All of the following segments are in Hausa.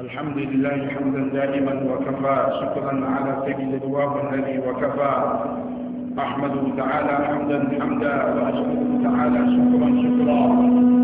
الحمد لله حمدا دائما وكفى شكرا على سبيل رواه الذي وكفى أحمده تعالى حمدا حمدا وأشكره تعالى شكرا شكرا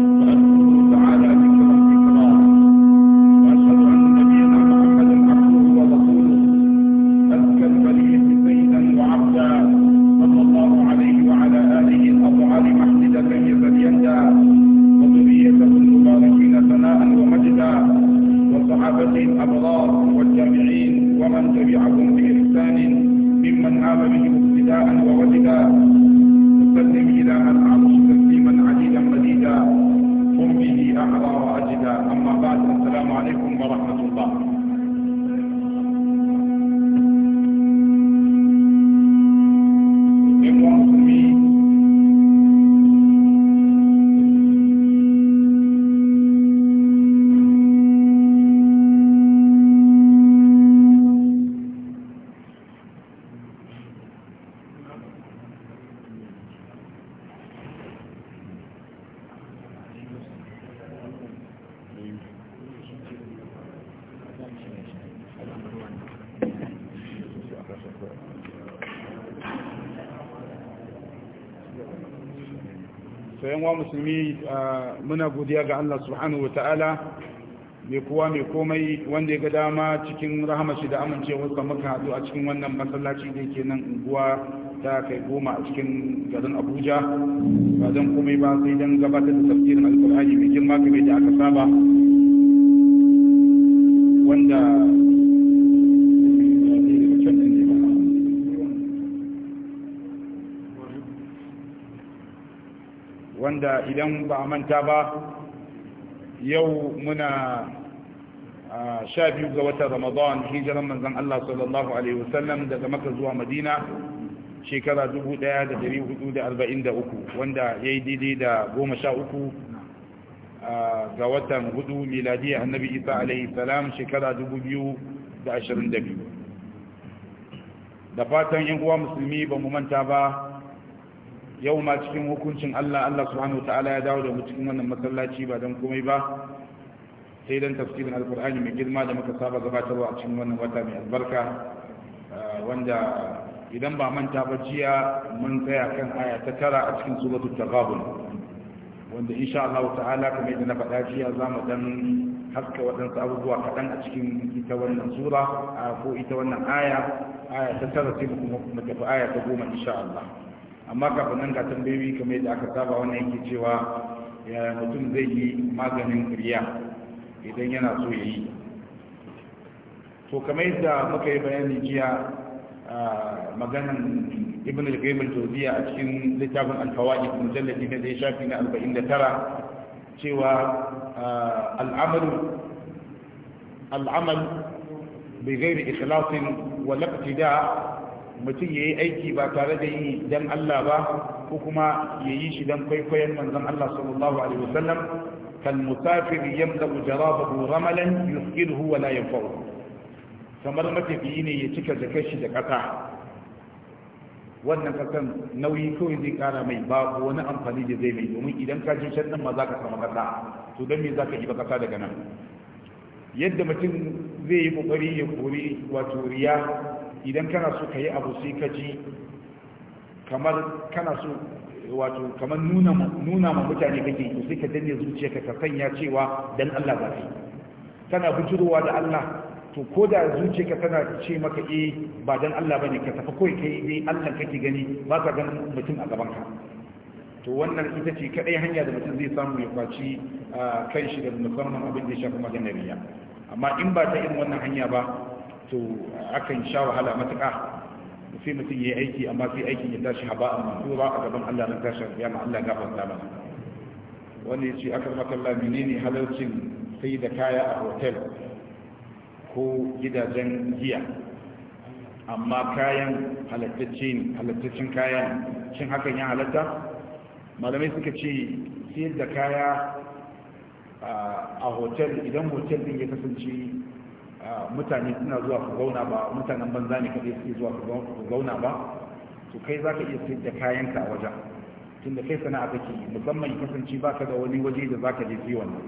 muna godiya ga Allah subhanahu wa ta'ala mai kuwa mai komai wanda ya ga dama cikin rahamashi da amincewarsa muka haɗu a cikin wannan masallaci da ke nan unguwa ta kai goma a cikin garin abuja ba don komai ba sai don gabatar da tafsirin alkur'ani mai girma kamar da aka saba wanda wanda idan ba a manta ba yau muna sha biyu ga watan ramadan hijiran manzan Allah sallallahu alaihi wasallam daga maka zuwa madina shekara 1443 wanda ya yi daidai da goma sha uku ga watan hudu miladiyya annabi isa alaihi salam shekara 2022 da fatan yan uwa musulmi ba mu manta ba yau ma cikin hukuncin Allah Allah subhanahu ta'ala ya dawo da mu cikin wannan masallaci ba don komai ba sai dan tafsirin alqur'ani mai girma da muka saba gabatarwa a cikin wannan wata mai albarka ah, wanda idan ba manta ba jiya mun tsaya kan aya ta tara a cikin suratul taghabun wanda insha Allah ta'ala kamar yadda na faɗa jiya za mu dan haska waɗansu abubuwa kaɗan a cikin ita wannan sura ah, ko ita wannan aya aya ta tara sai mu kuma tafi aya ta goma insha Allah amma kafin nan ka tambayoyi kamar yadda aka saba wannan yake cewa ya mutum zai yi maganin riya idan yana so ya yi to kamar yadda muka yi bayani jiya maganan ibn al-qayyim al a cikin littafin al-fawaid mujalladi na zai shafi na 49 cewa al-amal al-amal bi ghairi ikhlasin wa laqtida mutum ya yi aiki ba tare da yi don Allah ba ko kuma ya yi shi don kwaikwayon manzon Allah sallallahu alaihi wasallam kal musafir yamda jarabahu ramalan yusqiruhu wa la yanfa'u kamar matafiyi ne ya cika da shi da kasa wannan kasan nauyi kawai zai kara mai ba wani amfani da zai mai domin idan ka je can nan ma za samu kasa to don me za ka ba kasa daga nan yadda mutum zai yi kokari ya kori wato riya idan kana so ka yi abu sai ka ji kamar kana so wato kamar nuna ma mutane kake to sai ka danne zuciyarka ka sanya cewa dan Allah ba kai kana bujurowa da Allah to ko da zuciyarka tana ce maka eh ba dan Allah bane ka tafi kai kai dai Allah kake gani ba ka ganin mutum a gaban ka to wannan ita ce kadai hanya da mutum zai samu ya kwaci ah, kan shi da musamman abin da ya shafi maganariya amma in ba ta irin wannan hanya ba to akan sha wahala matuƙa sai mutum ya yi aiki amma sai aikin ya tashi haba amma ba a gaban Allah na tashin ya ma Allah gafarta ba wani ya ce aka makalla menene halarcin sai da kaya a hotel ko gidajen giya amma kayan halattacin kayan cin hakan ya halatta malamai suka ce sayar da kaya a hotel idan hotel din ya kasance Ah, mutane suna zuwa su zauna ba mutanen banza ne kaɗai suke zuwa su zauna ba to kai za ka iya sayar da kayanka a wajen tunda kai sana'a kake musamman kasance ba ka da wani waje da za ka je su wannan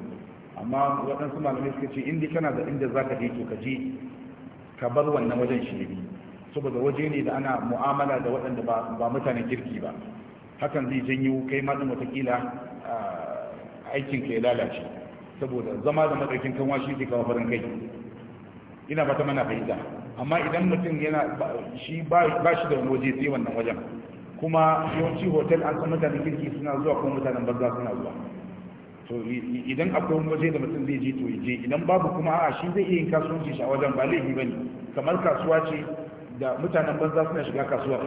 amma waɗansu malamai suka ce inda kana da inda za ka je to ka je ka bar wannan wajen shi ne saboda waje ne da ana mu'amala da waɗanda ba mutanen kirki ba hakan zai janyo kai ma ɗin watakila ah, aikinka ya lalace saboda zama da maɗaukin kanwa shi ne kawo farin kai ina ba ta mana fahimta amma idan mutum yana shi ba shi da waje sai wannan wajen kuma yawanci hotel an san mutanen kirki suna zuwa ko mutanen banza suna zuwa to idan akwai waje da mutum zai je to je idan babu kuma a shi zai iya yin kasuwanci shi a wajen ba laifi bane kamar kasuwa ce da mutanen banza suna shiga kasuwa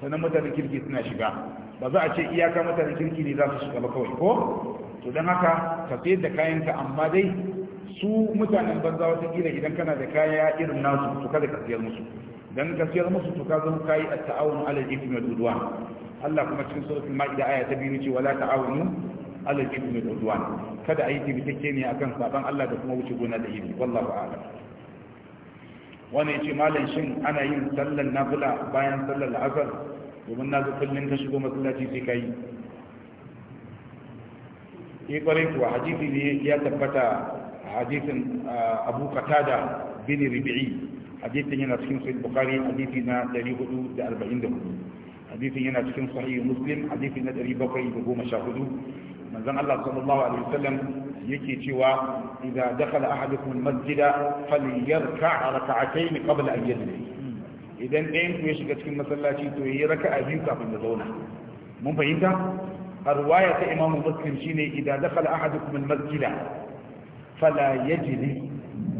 sannan mutanen kirki suna shiga ba za a ce iyaka mutanen kirki ne za su shiga ba kawai ko to don haka ka sayar da kayanka amma dai su mutanen banza wata kila idan kana da kaya irin nasu to kada ka siyar musu dan ka siyar musu to ka zama kai at-ta'awun 'ala al-ithmi wal 'udwan Allah kuma cikin suratul maida aya ta biyu ce wala ta'awunu 'ala al-ithmi wal 'udwan kada ayi ke ne akan saban Allah da kuma wuce gona da ilimi wallahu a'lam wani yace malam shin ana yin sallar nafila bayan sallar asar domin na ga kullun ka shigo masallaci sai kai eh kwarai kuwa hadisi ne ya tabbata hadisin uh, abu qatada bin rabi'i hadisin yana cikin sahih bukhari hadisi na 444 hadisin yana cikin sahih muslim hadisi na 714 manzon Allah sallallahu alaihi wasallam yake cewa idza dakhala ahadukum almasjida falyarka' rak'atayn qabla an yajlis idan ɗayan ku ya shiga cikin masallaci to yayi raka'a biyu kafin ya zauna mun fahimta a ruwaya ta imamu muslim shine idza dakhala ahadukum masjida. fala yajli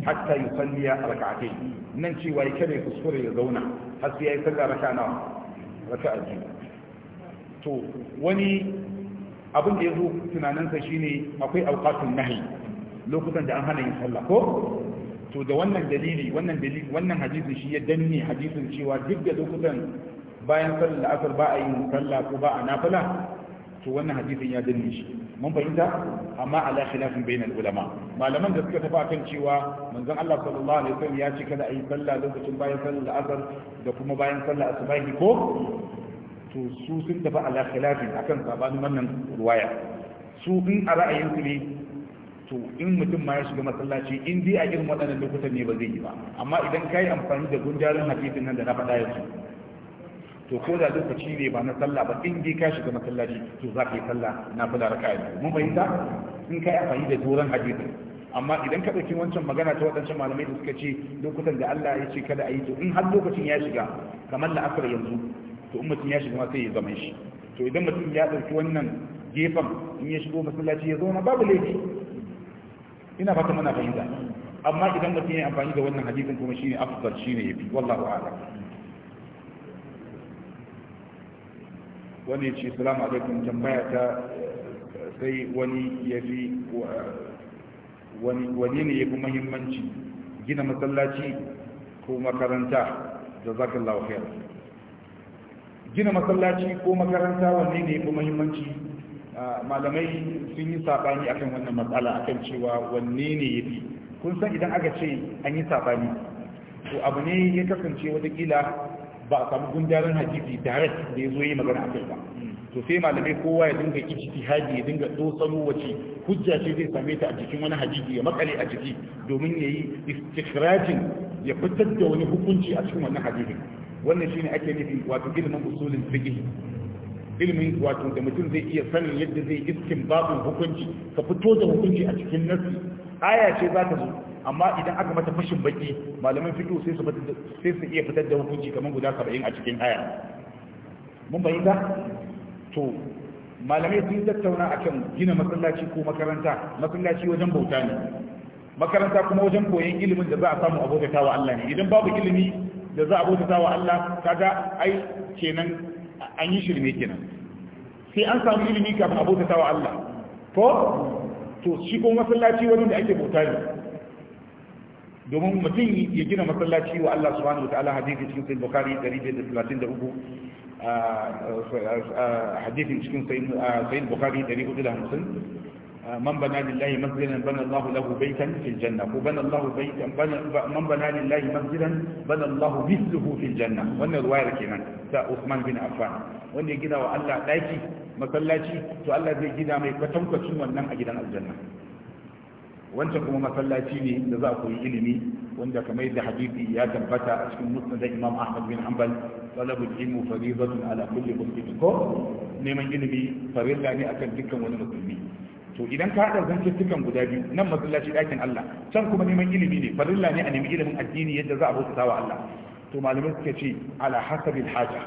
hatta yusalliya rak'atayn nan cewa ya kare kuskure ya zauna har sai yayi sallah raka nawa raka'a biyu to wani abin da ya zo tunaninsa shine akwai auqatun nahi lokutan da an hana yin sallah ko to da wannan dalili wannan dalili wannan hadisin shi ya danne hadisin cewa duk da lokutan bayan sallar asar ba a yin sallah ko ba a nafila to wannan hadisin ya danne shi mun fahimta amma ala khilafin bainal ulama malaman da suka tafi akan cewa manzon Allah sallallahu alaihi wasallam ya ce kada a yi sallah lokacin bayan sallar asar da kuma bayan sallar asubahi ko to su sun tafi ala khilafin akan sabanin wannan ruwaya su in a ra'ayin su ne to in mutum ma ya shiga masallaci in dai a irin waɗannan lokutan ne ba zai yi ba amma idan kai amfani da gundarin hadisin nan da na faɗa yanzu to ko da lokaci ne ba na sallah ba in dai ka shiga masallaci to za ka yi sallah na fada raka'a biyu mun fahimta in ka yi amfani da doron hadisi amma idan ka ɗauki wancan magana ta waɗancan malamai da suka ce lokutan da Allah ya ce kada a yi to in har lokacin ya shiga kamar la'asar yanzu to in mutum ya shiga ma sai ya zama shi to idan mutum ya ɗauki wannan gefen in ya shigo masallaci ya zauna babu laifi ina fata mana fahimta amma idan mutum ya amfani da wannan hadisin kuma shine afdal shine yafi wallahu a'lam Wani ya ce salamu alaikum tambaya ta sai wani ya fi wani ne ya fi muhimmanci gina masallaci ko makaranta da zaka lafiyar gina masallaci ko makaranta wani ne ya fi muhimmanci malamai sun yi saɓani akan wannan matsala akan cewa wanne ne ya fi kun san idan aka ce an yi saɓani to abu ne ya kasance watakila ba a samu gundarin hadisi tare da ya zo yi magana a kai ba to sai malamai kowa ya dinga ijtihadi ya dinga tsotsano wace hujja ce zai same ta a jikin wani hadisi ya makale a jiki domin ya yi istikrajin ya fitar da wani hukunci a cikin wannan hadisi. wannan shine ake nufi wato ilimin usulin fiqh ilimin wato da mutum zai iya sanin yadda zai iskin babin hukunci ka fito da hukunci a cikin nasi aya ce za ta zo amma idan aka mata fashin baki malaman fito sai su sai su iya fitar da hukunci kamar guda 70 a cikin aya mun bayyana to malamai sun tattauna akan gina masallaci ko makaranta masallaci wajen bauta ne makaranta kuma wajen koyon ilimin da za a samu abota wa Allah ne idan babu ilimi da za a abota wa Allah kaga ai kenan an yi shirme kenan sai an samu ilimi kafin abota wa Allah ko to shi ko masallaci wani da ake bauta ne domin mutum ya gina masallaci wa Allah subhanahu wataala hadisi cikin sahih bukhari 133 hadisi cikin sahih bukhari 450 من بنى لله مسجدا بنى الله له بيتا في الجنة وبنى الله بيتا بنى من بنى لله مسجدا بنى الله مثله في janna. wannan ruwayar kenan ta Uthman bin Affan wanda ya gina wa Allah daki masallaci to Allah zai gina mai kwatankwacin wannan a gidan aljanna wancan kuma masallaci ne da za a koyi ilimi wanda kamar yadda hadisi ya tabbata a cikin musnad Imam Ahmad bin Hanbal talabul ilmi faridatun ala kulli muslimin ko neman ilimi farilla ne akan dukkan wani musulmi to idan ka haɗa zantuttukan guda biyu nan masallaci ɗakin Allah can kuma neman ilimi ne farilla ne a nemi ilimin addini yadda za a bauta wa Allah to malamai suka ce ala hasabil haja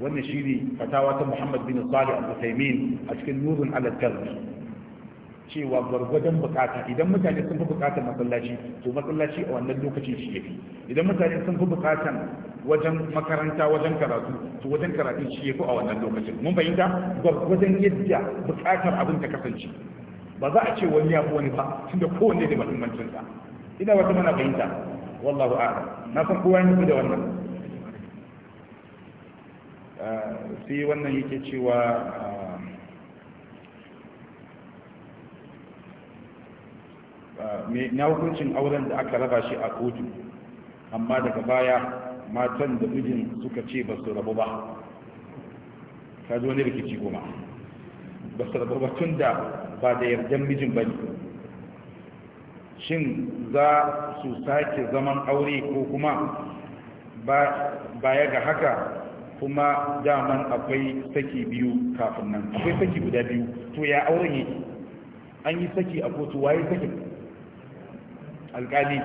wannan shine fatawa ta Muhammad bin Salih al-Uthaymeen a cikin nurun ala tarbi cewa gwargwadon bukata idan mutane sun fi bukatar masallaci to masallaci a wannan lokacin shi yafi idan mutane sun fi bukatar wajen makaranta wajen karatu to wajen karatu shi yafi a wannan lokacin mun fahimta gwargwadon yadda bukatar abin ta kasance ba za a ce wani ya fi wani ba tunda kowanne da muhimmancin sa ina wata mana fahimta wallahu a'lam na san kowa ya ne da wannan ah, sai wannan yake cewa na hukuncin auren da aka raba shi a kotu amma daga baya matan da mijin suka ce ba su rabu ba ka zo ne rikici goma ba su rabu ba tun da ba da yardan mijin ba ne shin za su sake zaman aure ko kuma baya ga haka kuma daman akwai saki biyu kafin nan akwai saki guda biyu to ya auren yake an yi saki a kotu waye saki? alƙali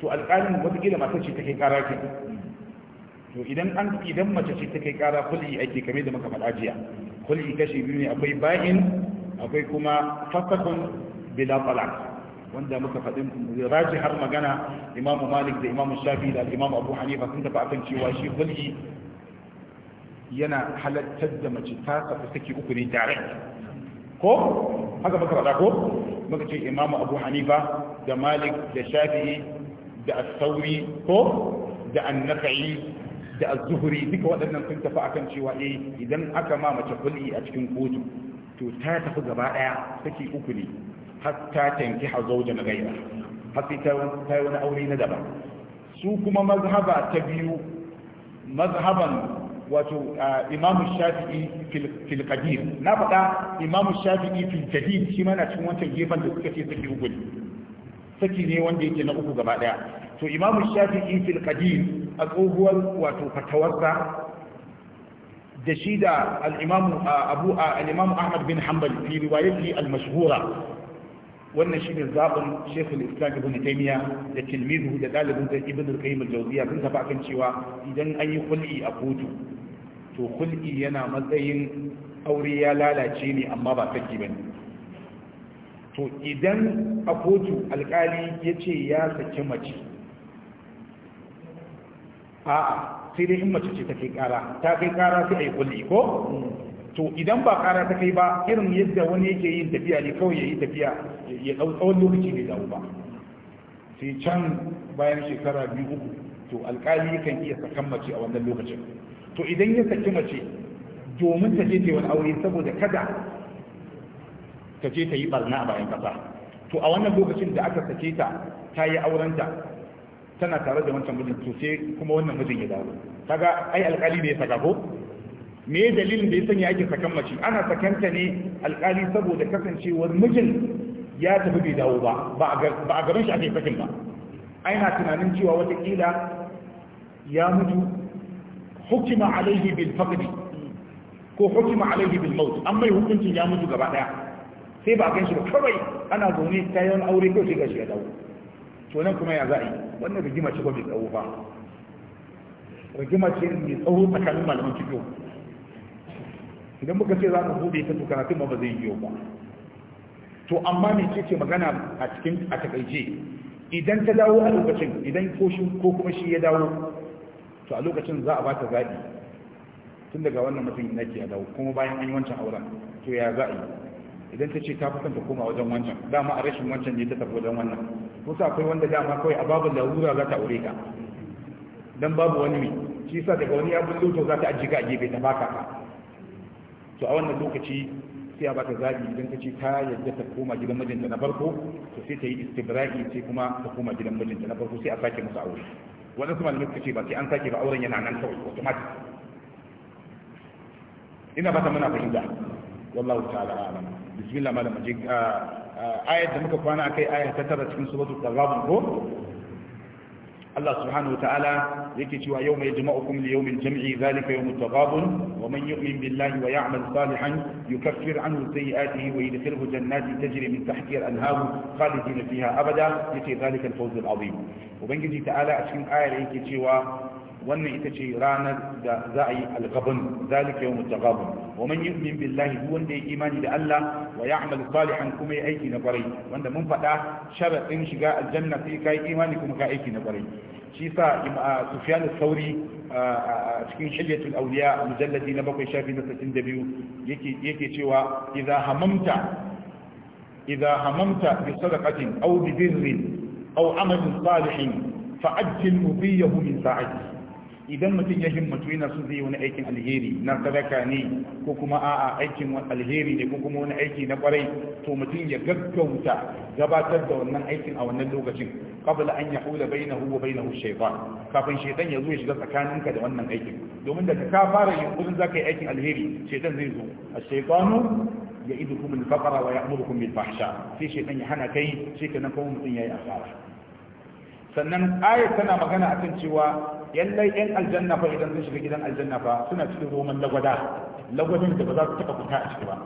to alƙalin wataƙila mata ce take ƙara ke to idan an idan mace ce take ƙara kulli ake kame da maka faɗa jiya kulli kashi biyu ne akwai bayin akwai kuma fasakun bila talaq wanda muka faɗin raji har magana imamu malik da imamu shafi da imamu abu hanifa sun tafi akan cewa shi kulli yana halattar da mace ta tafi saki uku ne tare ko haka baka faɗa ko muka ce imamu abu hanifa da malik da shafi'i da asauri ko da annaka'i da azuhuri duka waɗannan sun tafi akan cewa eh idan aka ma mace kul'i a cikin kotu to ta tafi gaba ɗaya take uku ne ta tanki hazo da na gaira har ta yi wani aure na daban su kuma mazhaba ta biyu mazhaban wato imam shafi'i fil na faɗa imam shafi'i fil jadid shi ma na cikin wancan gefen da suka ce saki uku saki ne wanda yake na uku gaba daya to imam shafi'i fil a tsohuwar wato fatawarsa da shi da al-imam abu al-imam ahmad bin hanbal fi riwayatihi al-mashhura wannan shine zabin Sheikh al-Islam Ibn Taymiyyah da tilmizuhu da dalibin da Ibn al-Qayyim al sun tafi akan cewa idan an yi kulli a kotu to kul'i yana matsayin aure ya lalace ne amma ba saki ba to idan a kotu alkali ya ce ya saki mace a'a sai dai in mace ce ta kai kara ta kai kara sai a yi kul'i ko to idan ba kara ta kai ba irin yadda wani yake yin tafiya ne kawai ya yi tafiya ya ɗau tsawon lokaci bai dawo ba sai can bayan shekara biyu uku to alkali kan iya sakan mace a wannan lokacin to idan ya saki mace domin ta je ta wani aure saboda kada ta je ta yi barna a bayan kasa to a wannan lokacin da aka sake ta ta yi aurenta tana tare da wancan mijin to sai kuma wannan mijin ya dawo kaga ai alƙali ne ya saka ko me dalilin da ya sanya ake sakan mace ana sakanta ne alƙali saboda kasancewar mijin ya tafi bai dawo ba ba a garin shi ake sakin ba aina tunanin cewa watakila ya mutu hukima alaihi bil faqdi ko hukima alaihi bil maut an mai hukuncin ya mutu gaba daya sai ba gan shi ba kawai ana zaune ta yawan aure ko sai gashi ya dawo to nan kuma ya za'i wannan rigima ce ba mai tsawo ba rigima ce mai tsawo tsakanin malaman fiqh idan muka ce za mu bude ta to karatun ba zai yi ba to amma me ce ce magana a cikin a takaice idan ta dawo a lokacin idan ko shi ko kuma shi ya dawo to a lokacin za a bata zaɓi tun daga wannan mutum nake ke dawo kuma bayan an yi wancan auren to ya za a yi idan ta ce ta fi ta koma wajen wancan dama a rashin wancan ne ta tafi wajen wannan kusa akwai wanda dama kawai a babu larura za ta aure ka dan babu wani mai shi sa daga wani ya bullo to za ta ajiye ka a gefe ta baka ka to a wannan lokaci sai a baka zabi idan ta ce ta yadda ta koma gidan mijinta na farko to sai ta yi istibra'i sai kuma ta koma gidan mijinta na farko sai a sake musu aure wannan kuma malamai kace ba sai an sake ba auren yana nan kawai automatic ina ba ta muna fahimta wallahu ta'ala alam bismillah malam je ayat da muka kwana akai ayat ta tara cikin suratul taghabun ko Allah subhanahu wataala yake cewa yawma yajma'ukum li yawmil jam'i zalika yawmut taghabun wa man yu'min billahi wa ya'mal salihan yukaffir anhu sayi'atihi wa yadkhilhu jannatin tajri min tahtiha al-anharu khalidina fiha abada yake zalika al-fawz azim ubangiji ta'ala a cikin ayar yake cewa wannan ita ce ranar da za a yi algaban zalika mu tagabun wa man yu'min billahi duk wanda ya imani da Allah wa ya'mal salihan kuma ya aiki na kwarai wanda mun faɗa sharadin shiga aljanna sai kai imani kuma ka aiki na kwarai shi sa Sufyan al-Thawri a cikin Hilyatul Awliya mujalladi na bakwai shafi na 62 yake yake cewa idza hamamta idza hamamta bi sadaqatin aw bi birrin aw amalin salihin fa'ajjil mudiyahu min sa'ati idan mutum ya himmatu yana son zai yi wani aikin alheri na sadaka ne ko kuma a'a aikin alheri ne ko kuma wani aiki na kwarai to mutum ya gaggauta gabatar da wannan aikin a wannan lokacin qabla an yahula bainahu wa bainahu shaytan kafin shaytan ya zo ya shiga tsakaninka da wannan aikin domin da ka fara yunkurin zaka yi aikin alheri shaytan zai zo ash-shaytanu ya'idukum al-faqra wa ya'murukum bil fahsha sai shaytan ya hana kai sai kana kuma mutum yayi asara sannan ayat tana magana akan cewa lallai yan aljanna fa idan sun shiga gidan aljanna fa suna cikin roman lagwada lagwadin da ba za su taɓa fita a ciki ba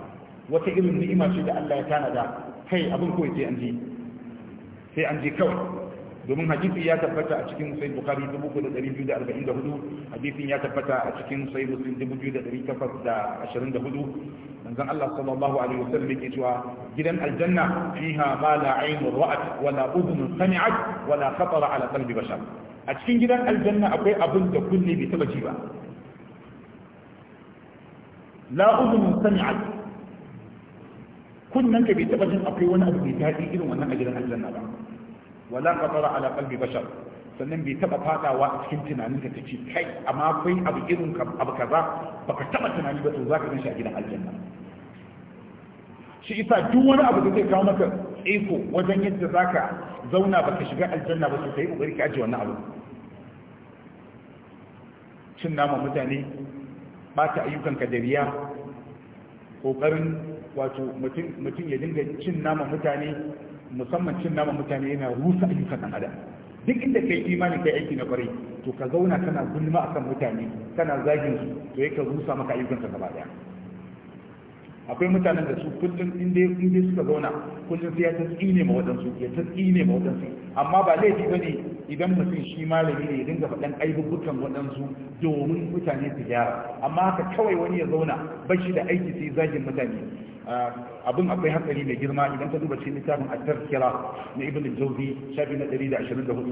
wata irin ni'ima ce da Allah ya tanada kai abin koyi sai an ji sai an ji kawai domin hadisi ya tabbata a cikin sai bukari 3244 hadisin ya tabbata a cikin sai muslim 2824 manzon Allah sallallahu alaihi wasallam yake cewa gidan aljanna fiha ma la aynu ra'at wala udhun sami'at wala khatara ala qalbi bashar a cikin gidan aljanna akwai abin da kunne bai taba ji ba la udhun sami'at kunnan ka bai taba jin akwai wani abu mai daɗi irin wannan a gidan aljanna ba wala qatara ala qalbi bashar sannan bai taba fadawa a cikin tunanin ka tace kai amma akwai abu irin ka abu kaza baka taba tunani ba to zaka gan shi a gidan aljanna shi isa duk wani abu da zai kawo maka iko wajen yadda za ka zauna ba ka shiga aljanna ba sai ka yi ka ajiye wannan abu cin nama mutane ɓata ayyukanka da riya ƙoƙarin wato mutum ya dinga cin nama mutane musamman cin nama mutane yana rusa ayyukan ɗan adam duk inda kai imani kai aiki na kwarai to ka zauna kana gulma akan mutane kana zagin su to yake rusa maka ayyukanka gaba daya akwai mutanen da su kullum inda suka zauna kullum sai ya tsine ma waɗansu ya tsine ma waɗansu amma ba laifi ne idan mutum shi malami ne ya dinga faɗan aibubukan waɗansu domin mutane su gyara amma haka kawai wani ya zauna ba shi da aiki sai zagin mutane ah, abin akwai hankali mai girma idan ka duba cikin littafin at-tazkira na ibn al shafi na 124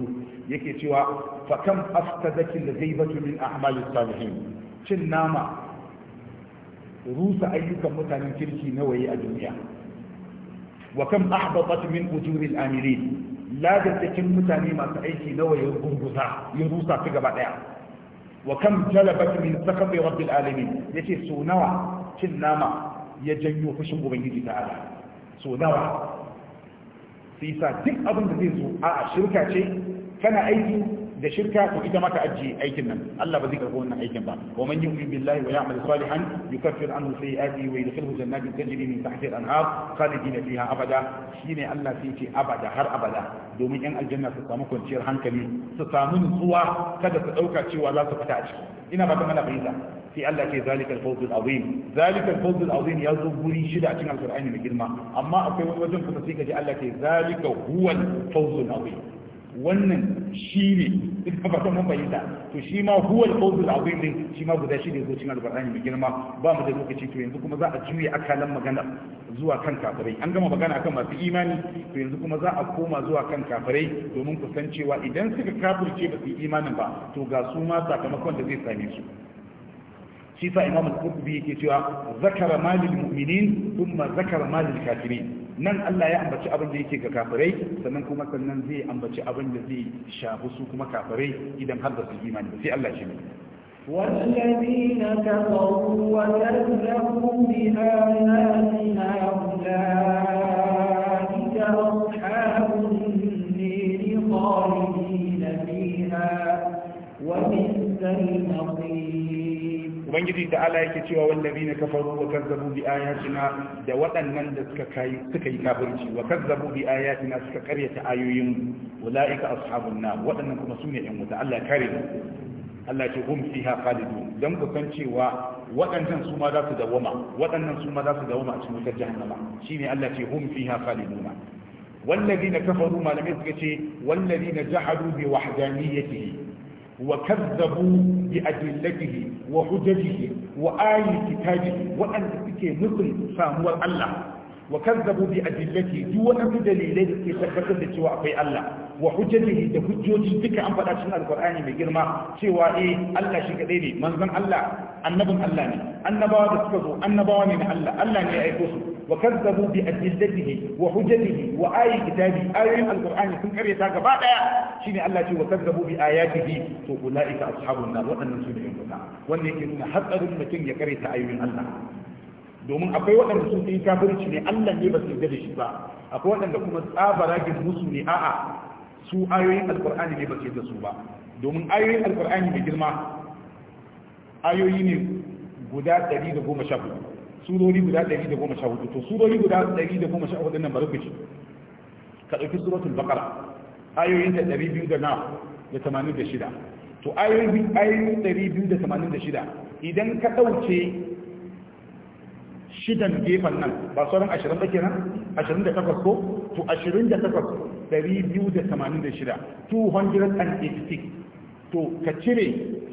yake cewa fa kam afsadati al-ghaibatu min a'mal salihin cin nama rusa ayyukan mutanen kirki nawa yi a duniya wa kam ahbabat min ujuril amirin ladantakin mutane masu aiki na ya gurguza ya rusa su gaba daya wa kam jalabat min sakabi rabbil alamin yace so nawa cin nama ya janyo fushin ubangiji ta'ala so nawa sai sa duk abin da zai zo a shirka ce kana aiki da shirka to ita maka ajiye aikin nan Allah ba zai karɓi wannan aikin ba wa man yu'min billahi wa ya'mal salihan yukaffir anhu sayi'atihi wa yudkhilhu jannatin tajri min tahtiha al-anhar khalidina fiha abada shine Allah sai ce abada har abada domin yan aljanna su samu kwanciyar hankali su samu nutsuwa kada su dauka cewa za su fita a ciki ina ba ta mana fahimta sai Allah ke zalikal fawzul azim zalikal fawzul azim ya zo guri shida a cikin alqur'ani mai girma amma akwai wani wajen kuma sai ka ji Allah ke zalika huwal fawzul azim wannan shi ne ina ba mun fahimta to shi ma huwa al-qawlu al-azim din shi ma guda shi ne zo cikin al-qur'ani mai girma ba mu da lokaci to yanzu kuma za a juya akalan magana zuwa kan kafirai an gama magana akan masu imani to yanzu kuma za a koma zuwa kan kafirai domin ku san cewa idan suka kafirce ba su yi imanin ba to ga su ma sakamakon da zai same su shi sa imam al-qurtubi yake cewa zakara malil mu'minin thumma zakara malil kafirin nan Allah ya ambaci abin da yake ga kafirai sannan kuma sannan zai ambaci abin da zai shafi su kuma kafirai idan har da su imani sai Allah shi ne والذين كفروا وكذبوا بآياتنا أولئك أصحاب النير خالدين فيها وبئس المصير ubangiji ta ala yake cewa wallabi na kafaru wa kazzabu bi ayatina da waɗannan da suka kai suka yi kafirci wa kazzabu bi ayatina suka karyata ayoyin ulaika ashabun nar waɗannan kuma sune yan wuta Allah kare mu Allah ce hum fiha khalidun dan ku san cewa waɗannan su ma za su dawama waɗannan su ma za su dawama a cikin wutar jahannama shine Allah ce hum fiha khalidun والذين كفروا ما لم يذكر شيء والذين جحدوا بوحدانيته وكذبوا بأدلته وحججه وآي كتابه وأن تكي مثل فهو الله وكذبوا بأدلته دون دليلين في سكتة سواء في الله wa hujjatihi da hujjoji duka an faɗa cikin Alƙur'ani mai girma cewa eh Allah shi kadai ne manzon Allah annabin Allah ne annabawa da suka zo annabawa ne na Allah Allah ne ya aiko su wa kazzabu bi adillatihi wa hujjatihi wa ayi kitabi ayoyin Alƙur'ani sun ta gaba daya shine Allah ce wa kazzabu bi ayatihi to ulaika ashabun nar wadannan su ne yan wuta wanda yake nuna hatsarin mutum ya karyata ayoyin Allah domin akwai waɗanda sun yi kafirci ne Allah ne ba su yarda da shi ba akwai waɗanda kuma tsabara musu ne a'a su ayoyin alkur'ani ne ba ke da su ba domin ayoyin alkur'ani mai girma ayoyi ne guda 114 surori guda 114 to surori guda 114 nan bari ku ka ɗauki suratul baqara ayoyin ta 200 da da 86 to ayoyin 286 idan ka ɗauke shidan gefen nan ba sauran 20 ba kenan 28 ko to 28 286 to ka cire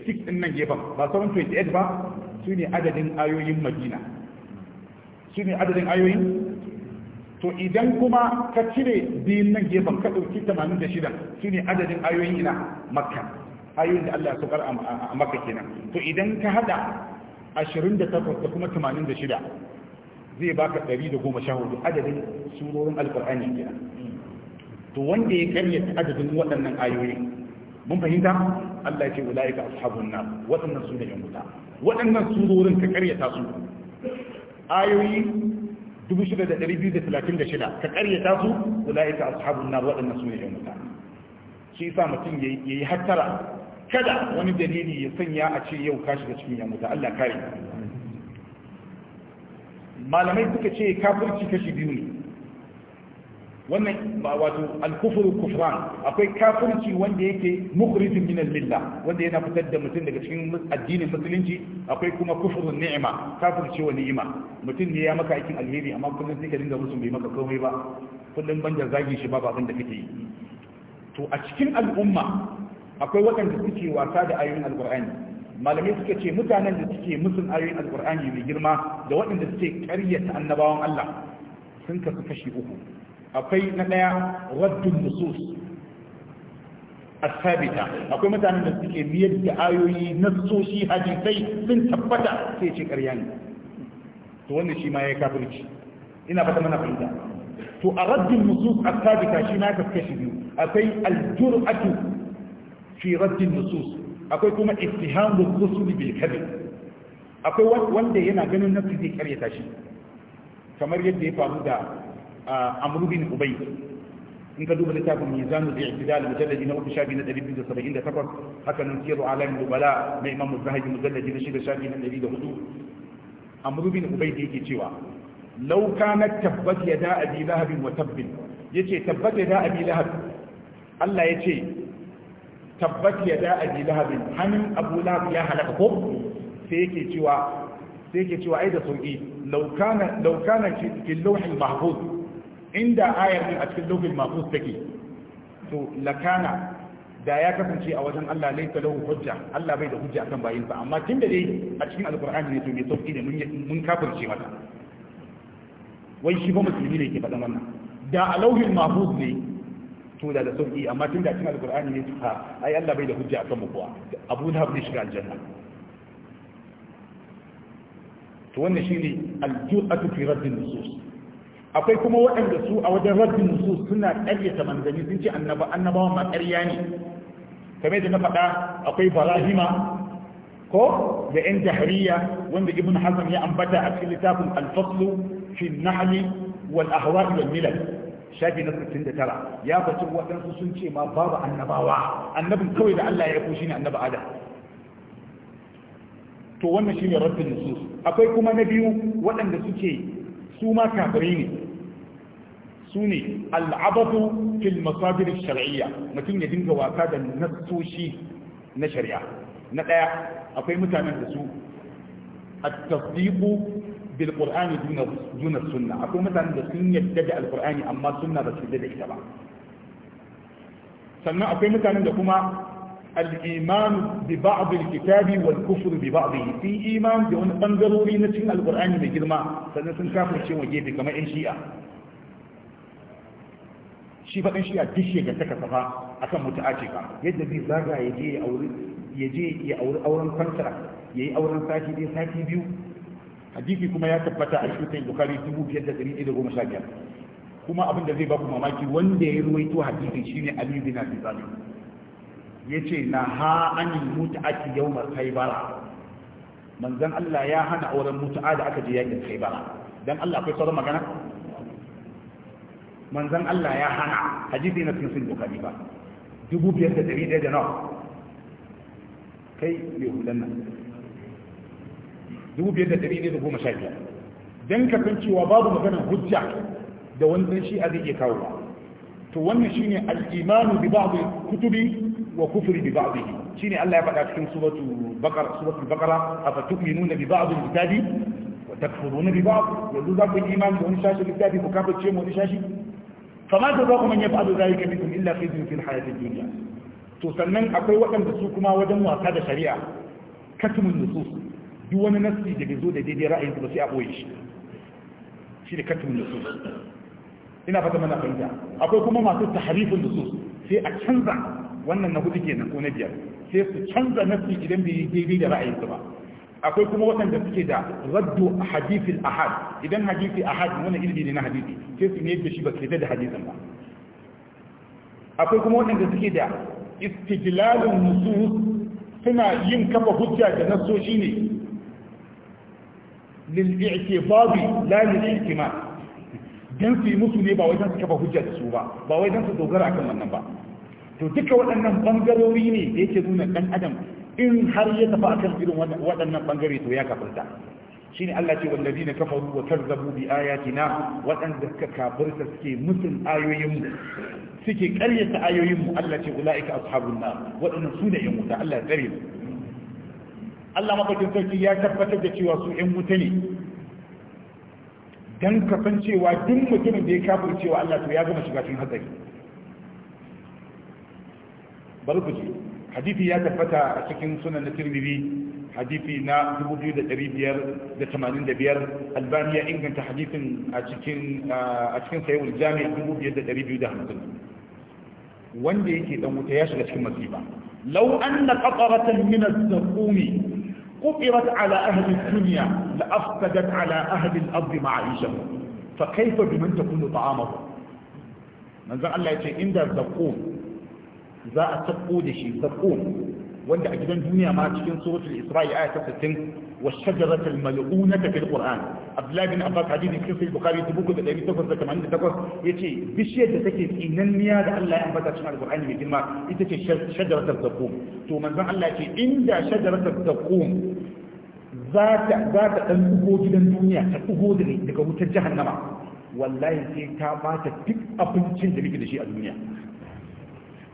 6 din nan gefen ba 728 ba su ne adadin ayoyin madina su ne adadin ayoyin to idan kuma ka cire biyun nan gefen ka ɗauki 86 su ne adadin ayoyin ina makka ayoyin da Allah ya saukar a makka kenan to idan ka hada 28 da kuma 86 zai baka 114 adadin surorin alkur'ani kenan to wanda ya karyata adadin waɗannan ayoyi mun fahimta Allah ya ce ulaika ashabun nar waɗannan su ne yan wuta waɗannan surorin ka karyata su ayoyi 6236 ka karyata su ulaika ashabun nar waɗannan su ne yan wuta shi yasa mutum yayi hattara kada wani dalili ya sanya a ce yau ka shiga cikin yan wuta Allah kare malamai suka ce kafirci kashi biyu ne wannan ba wato al kufran akwai kafirci wanda yake mukhrijun min al-milla wanda yana fitar da mutum daga cikin addinin musulunci akwai kuma kufrun ni'ima kafirci wa ni'ima mutum ne ya maka aikin alheri amma kullum sai ka dinga musu bai maka komai ba kullum banda zagi shi ba abin da kake yi to a cikin al'umma akwai waɗanda suke wasa da ayoyin alqur'ani malamai suka ce mutanen da suke musun ayoyin alqur'ani mai girma da waɗanda suke ƙaryata annabawan Allah sun kasu kashi uku akwai na daya raddun nusus sabita. akwai mutanen da suke biyar da ayoyi nassoshi hadisai sun tabbata sai ce ƙarya ne to wannan shi ma ya yi kafirci ina fata mana fahimta to a raddin nusus sabita shi na ka kashi biyu akwai aljur'atu fi raddin nusus akwai kuma ittihamu rusuli bil kadhib akwai wanda yana ganin nafsi zai karyata shi kamar yadda ya faru da amru bin ubay in ka duba littafin mizanul i'tidal mujalladi na uku shafi na 278 haka nan siru alamin dubala na imamu zahabi mujalladi na shida shafi na 104 amru bin ubay da yake cewa law kanat tabbat yada abi lahab wa tabb yace tabbat yada abi lahab Allah yace tabbat yada abi lahab hannun abu lahab ya halaka ko sai yake cewa sai yake cewa ai da sauki law kana law kana fil lawh mahfuz inda ayar din a cikin lokacin mafus take to lakana da ya kasance a wajen Allah laisa lahu hujja Allah bai da hujja kan bayinsa amma tunda dai a cikin alqur'ani ne to me sauki ne mun kafirce mata wai shi ba musulmi ne ke faɗan wannan da a lauhin mahfuz ne to da da sauki amma tun da cikin alqur'ani ne ha ai Allah bai da hujja akan mu kuwa Abu Lahab ne shiga aljanna to wannan shine al-jur'atu fi radd an-nusus akwai kuma waɗanda su a wajen raddin su suna ƙaryata manzanni sun ce annaba annabawan ma ƙarya ne kame da na faɗa akwai barahima ko da yan jahariya wanda ibn hazm ya ambata a cikin littafin al-faslu fi nahli wal ahwa'i wal milal shafi na 69 ya faci waɗansu sun ce ma babu annabawa annabin kawai da Allah ya yi aiko shine annaba Adam to wannan shine raddin nusus akwai kuma na biyu waɗanda suke su ma kafirai ne su ne al'abatu fil masabir shar'iyya mutum ya dinga wasa da nassoshi na shari'a na daya akwai mutanen da su at-tasdiqu bil qur'ani duna duna sunna akwai mutanen da sun yadda da alqur'ani amma sunna ba su yadda da ita ba sannan akwai mutanen da kuma الإيمان ببعض الكتاب والكفر ببعضه في إيمان بأن أنظروا لنا تشين القرآن بجرما سنسن كافر شيء وجيب كما إن شيئا shi faɗin shi a dishe ga taka safa akan mutu'aci ka yadda zai zaga ya je ya auri ya auren kwantara ya yi auren sati ɗaya sati biyu hadisi kuma ya tabbata a cikin bukari dubu biyar da ɗari da goma sha biyar kuma abin da zai baku mamaki wanda ya ruwaito hadisin shine ali Ya ce na ha an yi anil mut'ati yawmal haibara manzan Allah ya hana auren mutu'a da aka je yakin haibara don Allah akwai sauran magana manzan Allah ya hana hadisi na cikin bukhari ba dubu biyar da dari ɗaya da nawa kai mai hulan nan dubu biyar da dari ɗaya da goma sha biyar don ka san cewa babu maganar hujja da wani shi a zai iya kawo ba to wannan shine al-imanu bi ba'd kutubi wa kufri bi ba'dihi shine Allah ya faɗa cikin suratu baqara suratul baqara afa tu'minuna bi ba'd al-kitabi wa takfuruna bi za ku yi da wani shashi littafi ku kafirce mu wani shashi fama ta za ku man yaf'alu zalika bikum illa khizyun fil hayatid dunya to sannan akwai waɗanda su kuma wajen wasa da shari'a nusus da zo da daidai ra'ayin sai a boye shi shi nusus ina fata mana fahimta akwai kuma masu tahrifin nusus sai a canza wannan na hudu kenan ko na biyar sai su canza nafi idan bai daidai da ra'ayinsu ba akwai kuma waɗanda suke da raddu hadithil ahad idan hadithi ahad wani ilmi ne na hadithi sai su ne da shi ba su da hadithin ba akwai kuma waɗanda suke da istijlalun nusus suna yin kafa hujja da nasoshi ne lil i'tibabi la lil ihtimal dan su yi musu ne ba wai dan su kafa hujja da su ba ba wai dan su dogara akan wannan ba to duka waɗannan ɓangarori ne da yake nuna ɗan adam in har ya tafi akan irin waɗannan ɓangare to ya kafirta shine Allah ce wallazina kafaru wa kazzabu bi ayatina waɗanda suka kafirta suke mutun ayoyinmu, suke ƙaryata ayoyinmu, Allah ce ulaika ashabun nar waɗannan su ne yan wuta Allah ya tsare mu Allah madaukakin sarki ya tabbatar da cewa su yan wuta ne dan cewa duk mutumin da ya kafircewa Allah to ya gama shiga cikin hatsari bari ku hadisi ya tabbata a cikin sunan na tirmidhi na 2585 albani ya inganta hadisin a cikin a cikin sayyid jami 2250 wanda yake dan wuta ya shiga cikin masifa law anna qataratan min az-zaqumi قطرت على أهل الدنيا لأفسدت على أهل الأرض معايشهم فكيف بمن تكون من ذا الله إن ذا الزقوم za a sako da shi sako wanda a gidan duniya ma cikin suratul isra'i aya ta 60 wa shajaratul mal'unata fil qur'an abdullahi bin abbas hadisi cikin sahih bukhari tubuku da 1888 yace bishiyar da take tsinanniya da Allah ya ambata cikin alqur'ani mai girma ita ce shajaratul zaqum to manzon Allah ce inda shajaratul zaqum za ta za ta dan dugo gidan duniya ta dugo daga wutar jahannama wallahi sai ta bata duk abincin da muke da shi a duniya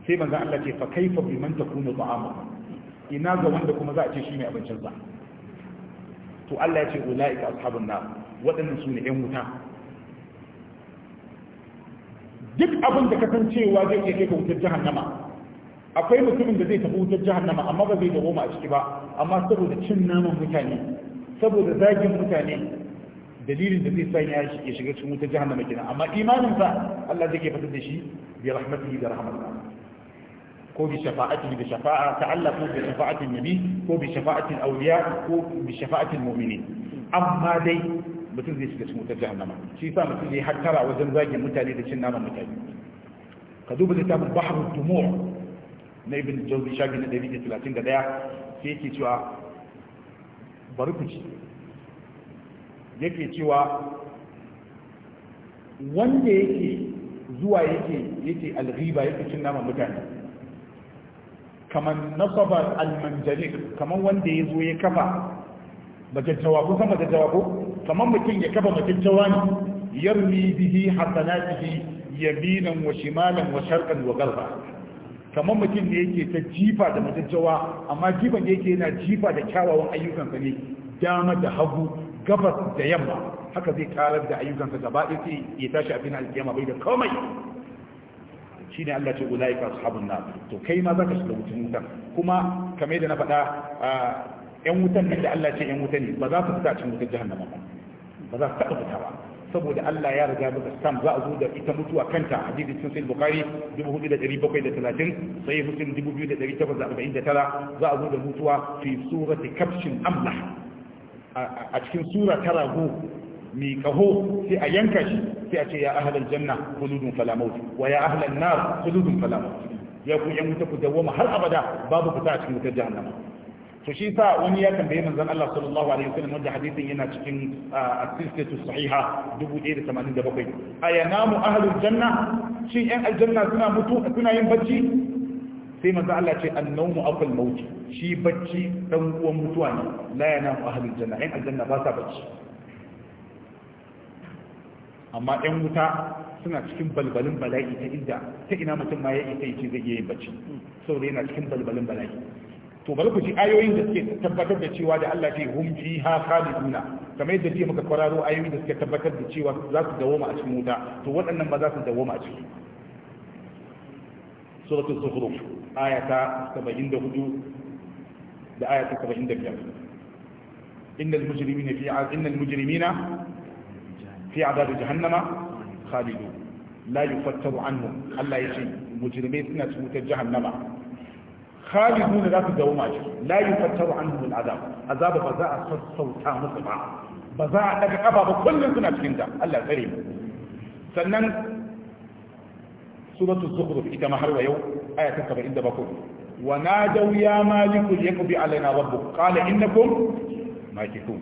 sai manzo Allah ce fa kaifa biman takunu ta'amu ina ga wanda kuma za a ce shine abincin sa to Allah ya ce ulaika ashabun nar waɗannan su ne ƴan wuta duk abin da cewa zai iya kai ka wutar jahannama akwai mutumin da zai tafi wutar jahannama amma ba zai dawo a ciki ba amma saboda cin naman mutane saboda zagin mutane dalilin da zai sanya ya shiga cikin wutar jahannama kenan amma imanin sa Allah zai ke fitar da shi bi rahmatihi da rahmatih ko bi shafa'ati da shafa'a ta'allaqu bi shafa'ati nabi ko bi shafa'ati awliya ko bi shafa'ati mu'minin amma dai mutum zai shiga cikin wutar jahannama shi yasa mutum zai hattara wajen zagin mutane da cin naman mutane ka duba littafin bahru dumu' na ibn jawzi shafi na 131 sai yake cewa bari ku ci yake cewa wanda yake zuwa yake yake alghiba yake cin naman mutane kaman nasaba almanjalik kaman wanda ya zo ya kafa majajjawa ko san majajjawa ko kaman mutum ya kafa majajjawa ne yarmi bihi bihi, yaminan wa shimalan wa sharqan wa gharba kaman mutum ne yake ta jifa da majajjawa amma jifan da yake yana jifa da kyawawan ayyukansa ne dama da hagu gabas da yamma haka zai karar da ayyukansa gaba ɗaya sai ya tashi a fina alkiyama bai da komai Shi ne Allah ce ulaika ashabun nar to kai ma zaka shiga wutan wutan kuma kamar da na faɗa yan wutan nan da Allah ce yan wutan ne ba za su fita cikin wutan jahannama ba ba za su taɓa fita ba saboda Allah ya riga maka stamp za a zo da ita mutuwa kanta hadisi cikin sahih bukhari 4730 sahih muslim 2849 za a zo da mutuwa fi surati kafshin amla a cikin sura ta rago mi kaho sai a yanka shi sai a ce ya ahlal janna khuludun fala maut wa ya ahlan nar khuludun fala maut ya ku yan wuta ku dawwama har abada babu fita a cikin wutar jahannama to shi sa wani ya tambaye manzon Allah sallallahu alaihi wasallam wanda hadisin yana cikin as-silsilatu sahiha 1087 ayanamu ahlul janna shin yan aljanna suna mutu suna yin bacci sai manzo Allah ce annawmu afal mauti shi bacci dan uwan mutuwa ne la yanamu ahlul janna yan aljanna ba sa bacci amma ɗan wuta suna cikin balbalin bala'i ta inda ta ina mutum ma ya isa yace zai iya yin bacci saboda yana cikin balbalin bala'i to bari ku ji ayoyin da suke tabbatar da cewa da Allah ce hum fi fiha khaliduna kamar yadda jiya muka kwararo ayoyin da suke tabbatar da cewa za su dawoma a cikin wuta to waɗannan ba za su dawoma a ciki suratul zukhruf ayata 74 da ayata 75 innal mujrimina fi innal mujrimina في عذاب جهنم خالدون لا يفتر عنهم الا يجي مجرمين ناس سموت جهنم خالدون لا تدوم لا يفتر عنهم العذاب عذاب بزاء صوتا مصبع بزاء لك أبا بكل سنة سنة ألا كريم سنن سورة الزخرف إذا ما يوم آية بكر ونادوا يا مالك ليقضي علينا ربك قال إنكم ماكثون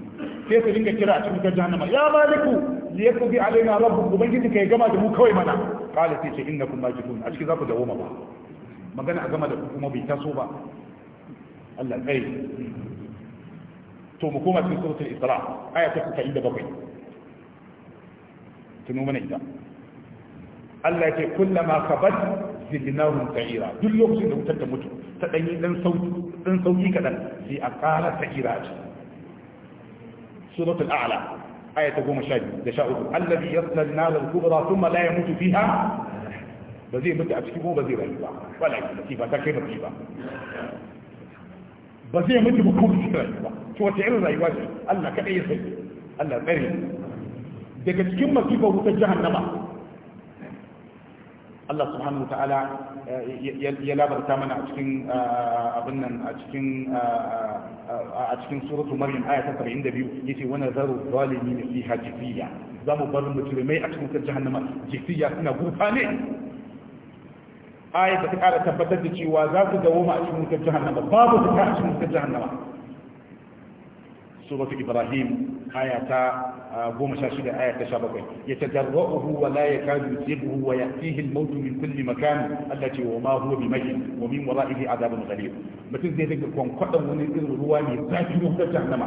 sai su dinga kira a cikin wutar jahannama ya maliku liyaqdi alaina rabbuk ubangiji yi gama da mu kawai mana qala sai ce innakum majidun a cikin za ku dawo ba magana a gama da ku kuma bai taso ba Allah kai to mu koma cikin suratul isra aya ta 97 tuno mana ita Allah kulla yake kullama kabat zidnahum sa'ira duk lokacin da wutar ta mutu ta danyi dan sauki dan sauki sai a kara sa'ira ce suratul a'la aya ta goma sha da sha uku allazi yasla an-nar al-kubra thumma la yamutu fiha ba zai mutu a cikin ko ba zai rayu ba wala ki ba ta kai ba ba ba zai mutu ba ko ba irin rayuwa Allah ya Allah daga cikin masifar wutar naba. Allah subhanahu ta'ala eh, ya labarta mana a cikin eh, abin nan a cikin eh, a cikin suratul maryam aya ta 72 yace wa nazaru zalimin fi hajifiya zamu bar mutulmai a cikin jahannama jifiya suna gufa ne aya ta kara tabbatar da cewa za ku dawo ma a cikin wutar jahannama babu ta a cikin wutar jahannama suratul ibrahim aya ta goma sha shida aya ta sha bakwai ya ta tadarra'uhu wa la yakadu yusibuhu wa ya'tihi al-maut min kulli makan allati wa ma huwa bi bimayyin wa min wara'ihi adabun ghalib mutum zai dinga kwankwadan wani irin ruwa ne zafi ruwan jahannama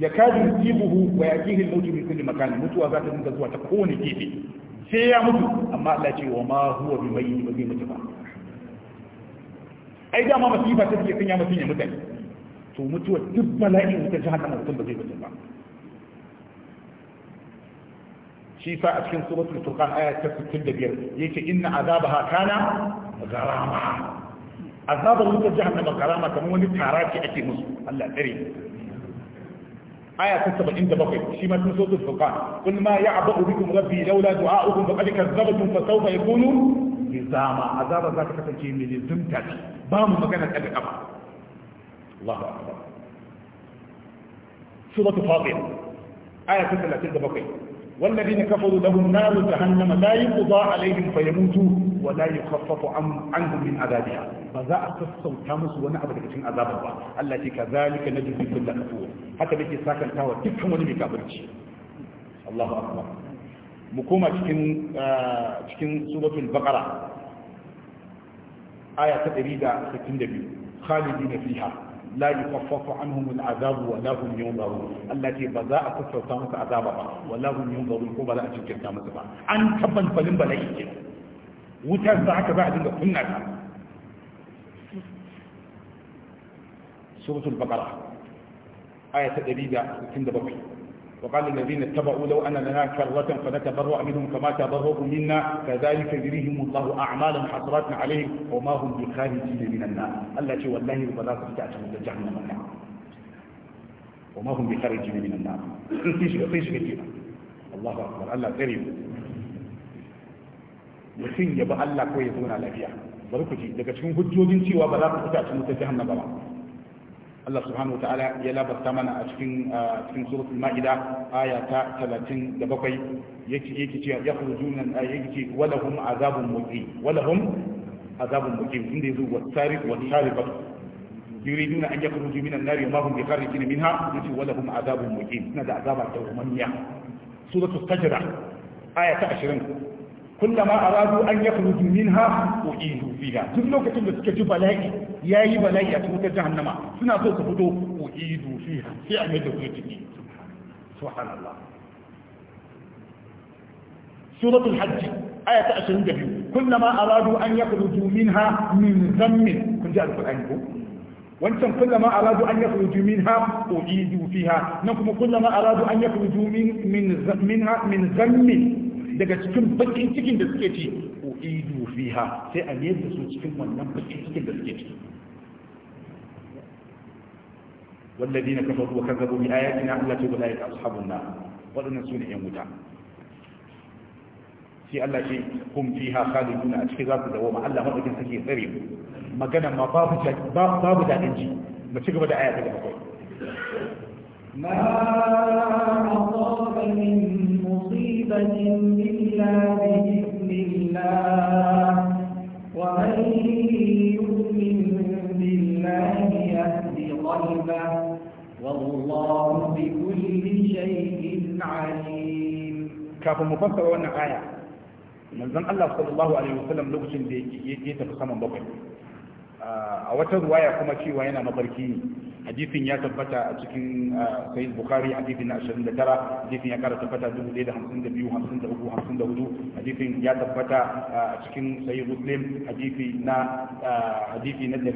ya kadu yusibuhu wa ya'tihi al-maut min kulli makan mutuwa za ta dinga zuwa ta kowane gefe sai ya mutu amma Allah ce wa ma huwa bi bimayyin ba zai mutu ba ai dama masifa ta take sanya mutum ya mutane to mutuwa duk bala'in ta jahannama mutum ba zai mutu ba shi sa a cikin suratul furqan aya ta 65 yake inna azabaha kana garama azabar wutar jahannama garama kamar wani tara ce ake musu Allah dare. aya ta 77 shi ma cikin suratul furqan Kun ma ya'budu bikum rabbi laula du'a'ukum faqad kadzabtum fa sawfa yakunu nizama azaba za ta kasance mai nizumta ba mu magana kada kama Allahu akbar suratul fatir aya ta 37 والذين كفروا لهم نار جهنم لا يقضى عليهم فيموتوا ولا يخفف عنهم من عذابها فذا أكثر تامس وانا أبدا كتن عذاب الله التي كذلك نجزي كل كفور حتى بيكي ساكن تاوى تفهم ولم يكابرش الله أكبر مكومة تكن آه تكن سورة البقرة آية تقريبا 62 خالدين فيها la yukaffafu anhum al'azab wa la hum yunzarun Allah ce ba za a sassauta musu azaba ba wa la hum yunzarun ko ba za a cikinta musu ba an tabban falin bala'i ke wutar sa haka za a dinga kunna ta ɗari baqara aya ta 167 وقال الذين اتبعوا لو أن لنا كرة فنتبرأ منهم كما تبرؤوا منا كذلك يريهم الله أعمالا حسرات عليهم وما هم بخارجين من النار التي والله البلاغ بتاعتهم جهنم النار وما هم بخارجين من النار فيش كثيرة الله أكبر الله قريب mutum ya bi Allah ko ya zauna lafiya bari ku ji daga cikin hujjojin cewa ba za ku fita cikin wutar jahannama ba Allah subhanahu wa ta'ala ya labarta mana a cikin cikin suratul ma'ida aya ta 37 yake yake cewa yakhrujuna yake ce walahum azabun muqim walahum azabun muqim inda yazo wasarif wasarifat yuriduna an yakhruju minan nari ma hum bikharijin minha yace walahum azabun muqim suna da azaba dawamaniya suratul sajda aya ta 20 كلما أرادوا أن يخرجوا منها أعيدوا فيها جبلو كتب سكتب بلاك يا بلاك يتموت جهنم سنة تفضو أعيدوا فيها في عمد سبحان الله سورة الحج آية أشهر جبيو كلما أرادوا أن يخرجوا منها من ذنب كن جعلوا في الأنبو وانتم كلما أرادوا أن يخرجوا منها أعيدوا فيها نكم كلما أرادوا أن يخرجوا من منها من ذنب daga cikin bakin cikin da suke fiha sai a yadda su cikin wannan bakin cikin da suke ci wallazi na kafaru wa kazzabu bi ayatina Allah ta gudai ka yan wuta sai Allah ce kum fiha khaliduna a cikin za ku dawo ma Allah madadin take tsare magana ma babu ta babu da inji mu ci gaba da ayatin da bakwai ما أصاب من مصيبة mu fassara wannan aya يؤمن manzon Allah sallallahu alaihi wasallam lokacin da ya tafi saman bakwai a wata ruwaya kuma cewa yana mafarki ne hadisin ya tabbata a cikin ah, sahih bukhari hadisin na 29 hadisin ya kara tabbata 1052 53 54 hadisin ya tabbata ah, a cikin sahih muslim hadisi na ah, hadisi na 901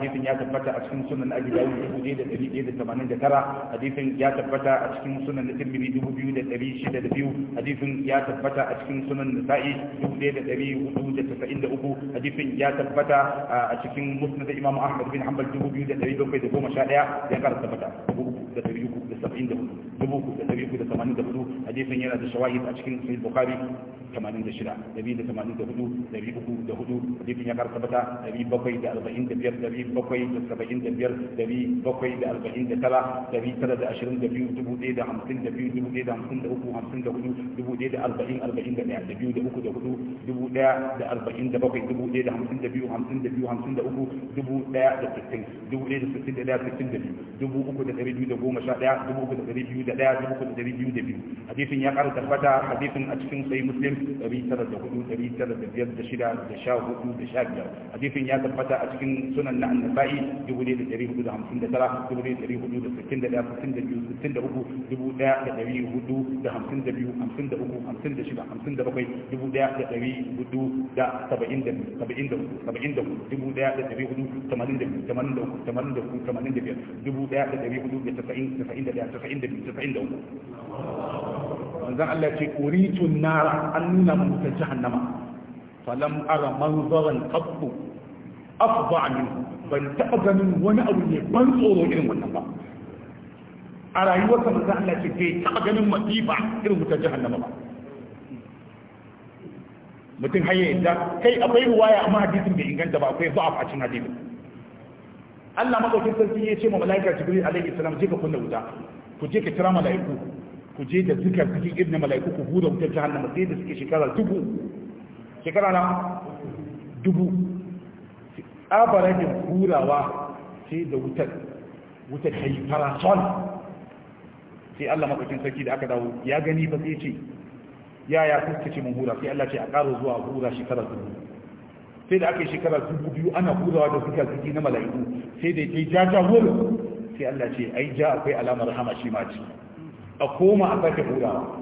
hadisin ya tabbata a cikin sunan abi dawud 1189 hadisin ya tabbata a cikin sunan tirmidhi 2602 hadisin ya tabbata a cikin sunan nasa'i 1493 hadisin ya tabbata a cikin musnad imam ahmad bin hanbal 2700 goma sha ɗaya ya ƙara tabbata da saba'in da hudu dubu uku da ɗari a cikin sahih bukhari tamanin da shida ɗari da tamanin da da hudu hadisin dubu uku da ɗari biyu da ɗaya dubu uku da ɗari biyu da biyu hadisin ya ƙara tabbata hadisin a cikin sai muslim ɗari tara da hudu ɗari tara da biyar da shida da sha hudu da sha biyar hadisin ya tabbata a cikin sunan na annasa'i dubu ɗaya da ɗari hudu da hamsin da tara dubu ɗaya da ɗari hudu da sittin da ɗaya sittin da biyu sittin da uku dubu ɗaya da ɗari hudu da hamsin da biyu hamsin da uku hamsin da shida hamsin da bakwai dubu ɗaya da ɗari hudu da saba'in da saba'in da saba'in da dubu ɗaya da ɗari hudu tamanin da biyu tamanin da uku tamanin da uku tamanin da biyar dubu ɗaya da ɗari hudu da tasa'in tasa'in da da manzan Allah ce uritun nara an nuna mu ta jahannama falam ara manzaran qattu afdha min ban taɓa ganin wani abu ne ban tsoro irin wannan ba a rayuwarsa manzan Allah ce bai taɓa ganin masifa irin wutar jahannama ba mutum har yadda kai akwai ruwaya amma hadisin bai inganta ba akwai ba a cikin hadisin Allah madaukin sarki ya ce ma malaika Jibril alaihi salam je ka kunna wuta ku je ka kira malaiku ku je da zikar cikin irin malaiku ku huda wutar jahannama sai da suke shekara dubu shekara na dubu da hurawa sai da wutar wutar ta yi farasol sai Allah madaukin sarki da aka dawo ya gani ba sai ce yaya kuka ce mun hura sai Allah ce a ƙara zuwa hura shekara dubu sai da aka yi shekara dubu biyu ana hurawa da suka ziki na mala'iku sai da ke ja ja wuri sai Allah ce ai ja akwai alamar hama shi ma ci a koma a sake hurawa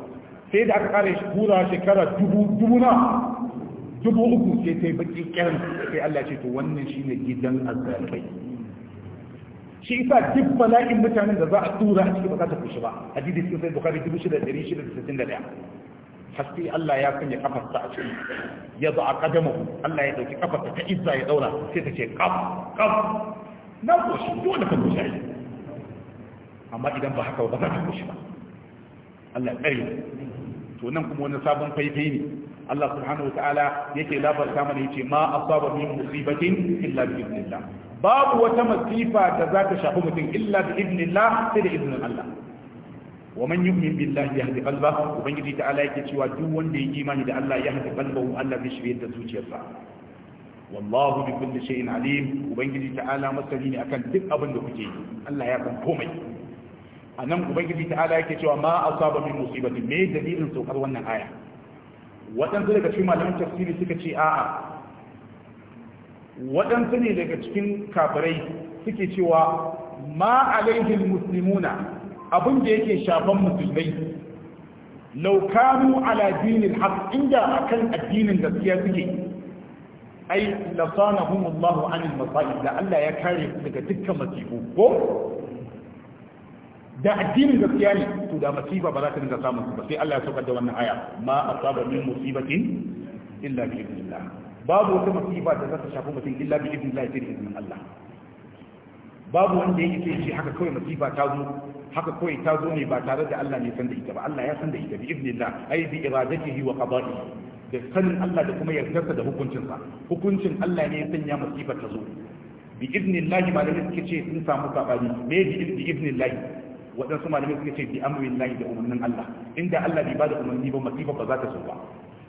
sai da aka kare hurawa shekara dubu dubu na dubu uku sai ta yi baki kyan sai Allah ce to wannan shi ne gidan azzalai shi isa duk bala'in mutanen da za a tura a cikin ba za ta kushi ba hadisi cikin sai bukari 6661 haske Allah ya sanya kafarsa a ciki ya zo a kadamahu Allah ya dauki kafarsa ta izza ya daura sai ta ce kaf kaf na koshi dole ka koshi ai amma idan ba haka ba za ka koshi ba Allah ya tsare to nan kuma wani sabon faifai ne Allah subhanahu wataala yake labarta mana yace ma asaba min musibatin illa bi idnillah babu wata masifa da za ta shafi mutum illa bi idnillah sai da iznin Allah wa man yu'min billahi yahdi qalbahu ubangiji ta ala yake cewa duk wanda ya imani da Allah ya hadi qalbahu Allah zai shirye da zuciyarsa wallahu bi kulli shay'in alim ubangiji ta ala masani ne akan duk abin da kuke yi Allah ya san komai anan ubangiji ta ala yake cewa ma asaba min musibati me dalilin saukar wannan aya waɗansu daga cikin malaman tafsiri suka ce a'a waɗansu ne daga cikin kafirai suke cewa ma alaihil muslimuna abin da yake shafan musulmai law kanu ala dinil haqq inda akan addinin gaskiya suke ai lasanahum Allah an al-masa'ib da Allah ya kare su daga dukkan masifu ko da addinin gaskiya ne to da masifa ba za ta dinga samun su ba sai Allah ya saukar da wannan aya ma a asaba min musibatin illa bi idnillah babu wata masifa da za ta shafi mutum illa bi idnillah sai da idnin Allah babu wanda yake sai shi haka kawai masifa ta zo haka kawai ta zo ne ba tare da Allah ne san da ita ba Allah ya san da ita bi ibnillah ai bi iradatihi wa qada'ihi da sanin Allah da kuma yardarsa da hukuncinsa hukuncin Allah ne ya sanya masifa ta zo bi ibnillah malamin suke ce sun samu sabani me bi ibnillah waɗansu malamai suka ce bi amrin lahi da umarnin Allah inda Allah bai bada umarni ba masifa ba za ta so ba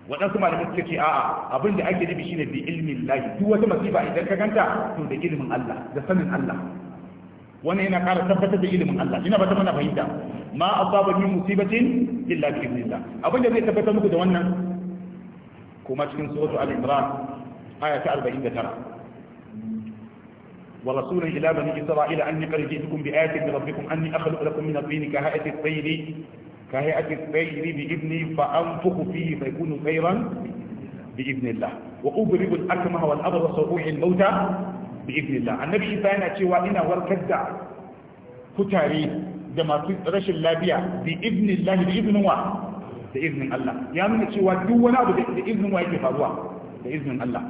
waɗansu malamai suka ce a'a abin da ake nufi shine bi ilmin lahi duk wata masifa idan ka ganta to da ilimin Allah da sanin Allah wannan yana ƙara tabbatar da ilimin Allah ina bata mana fahimta ma asaba min musibatin illa bi idnillah abin da zai tabbatar muku da wannan kuma cikin suratu al-imran aya ta 49 wa rasulun ila bani isra'ila anni qad ji'tukum bi ayatin min rabbikum anni akhluqu lakum min at-tin ka hayati at-tayr ka hayati at-tayr bi idni fa anfukhu fihi fa yakunu tayran bi idnillah wa ubribu al-akmaha wal-abra wa sawuhi al-mauta bi iznillah annabi isa yana cewa ina warkar da kutare da masu rashin lafiya bi iznillah bi iznin wa da Allah ya nuna cewa duk wani abu da izinin wa yake faruwa da iznin Allah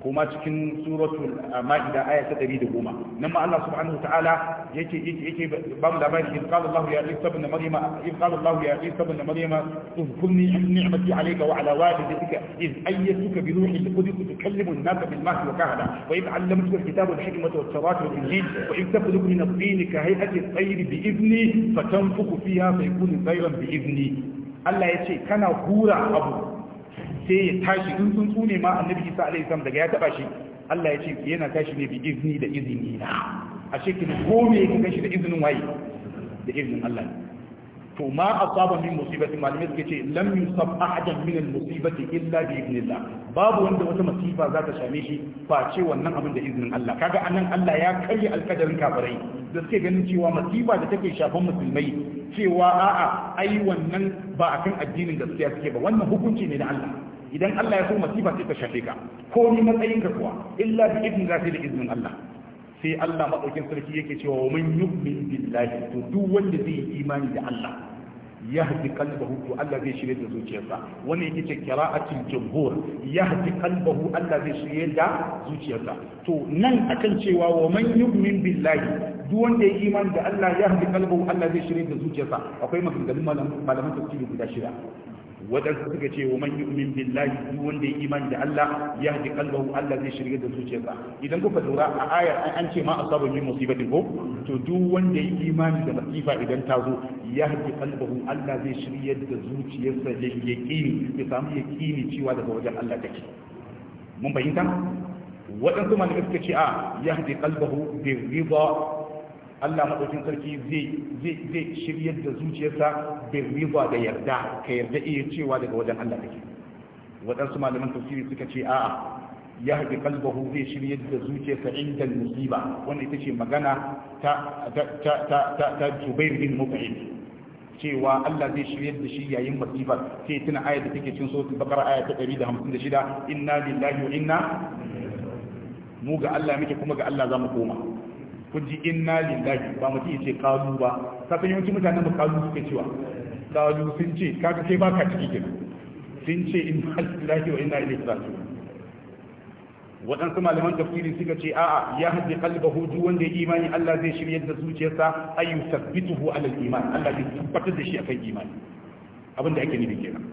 kuma cikin suratul ah, ma'ida aya ta goma nan ma Allah subhanahu ta'ala yake yake ba mu labari in qala Allah ya Isa ibn Maryama in qala Allah ya Isa ibn Maryama tudhkurni ni'mati alayka wa ala walidika iz ayyatuka bi ruhi al tukallimu an-nasa bil mahdi wa kahla wa id 'allamtuka al-kitaba wal hikmata wat tawrata wal injil wa id takhluqu min at-tini ka hay'ati at-tayr bi idhni fatanfukhu fiha fayakunu tayran bi Allah yace kana hura abu sai ya tashi in sun tsune ma annabi isa alaihi salam daga ya taba shi Allah ya ce yana tashi ne bi izini da izini na a shekin ko me ka kashi da izinin waye da izinin Allah to ma asaba min musibati malamai suke ce lam yusab ahadan min al musibati illa bi idnillah babu wanda wata masifa za ta same shi ba ce wannan abin da izinin Allah kaga anan Allah ya karya alkadarin kafirai da suke ganin cewa masifa da take shafan musulmai cewa a'a ai wannan ba akan addinin gaskiya suke ba wannan hukunci ne na Allah idan Allah ya so masifa sai ta shafe ka ko ni matsayin ka kuwa illa bi idin za da iznin Allah sai Allah madaukin sarki yake cewa wa man yu'min billahi to duk wanda zai yi imani da Allah yahdi qalbahu to Allah zai shirye da zuciyarsa wannan yake ce qira'atul jumhur yahdi qalbahu Allah zai shirye da zuciyarsa to nan akan cewa wa man yu'min billahi duk wanda ya iman da Allah yahdi qalbahu Allah zai shirye da zuciyarsa akwai maganganun malaman tafsiri guda shida waɗansu suka ce wa man yu'min billahi duk wanda ya iman da Allah ya hadi qalbahu Allah zai shirye da zuciyarsa idan kuka lura a ayar an ce ma asaba min musibatin ko to duk wanda ya imani da masifa idan ta zo ya hadi qalbahu Allah zai shirye da zuciyarsa da yaqini ya samu yaqini cewa daga wajen Allah take mun bayyana waɗansu malamai suka ce a ya hadi qalbahu bi rida Allah madaukin sarki zai zai zai shiryar da zuciyarsa bai riba da yarda ka yarda iya cewa daga wajen Allah take waɗansu malaman tafsiri suka ce a'a ya haɗe kalbahu zai shirya da zuciyarsa inda musiba wanda ita ce magana ta ta jubair bin mut'im cewa Allah zai shirya da shi yayin musiba sai tuna ayat da take cin suratul baqara aya ta 156 inna lillahi wa inna mu ga Allah muke kuma ga Allah za mu koma kun ji inna lillahi ba mu ji ce kalu ba kafin yawanci mutanen mu kalu suke cewa kalu sun ce kaka kai baka ciki kenan sun ce inna lillahi wa inna ilaihi raji'un waɗansu malaman tafsiri suka ce a'a ya haddi qalbahu duk wanda ya imani Allah zai shirya da zuciyarsa ayyu tabbituhu ala al-iman Allah zai tabbatar da shi akan imani abin da ake nufi kenan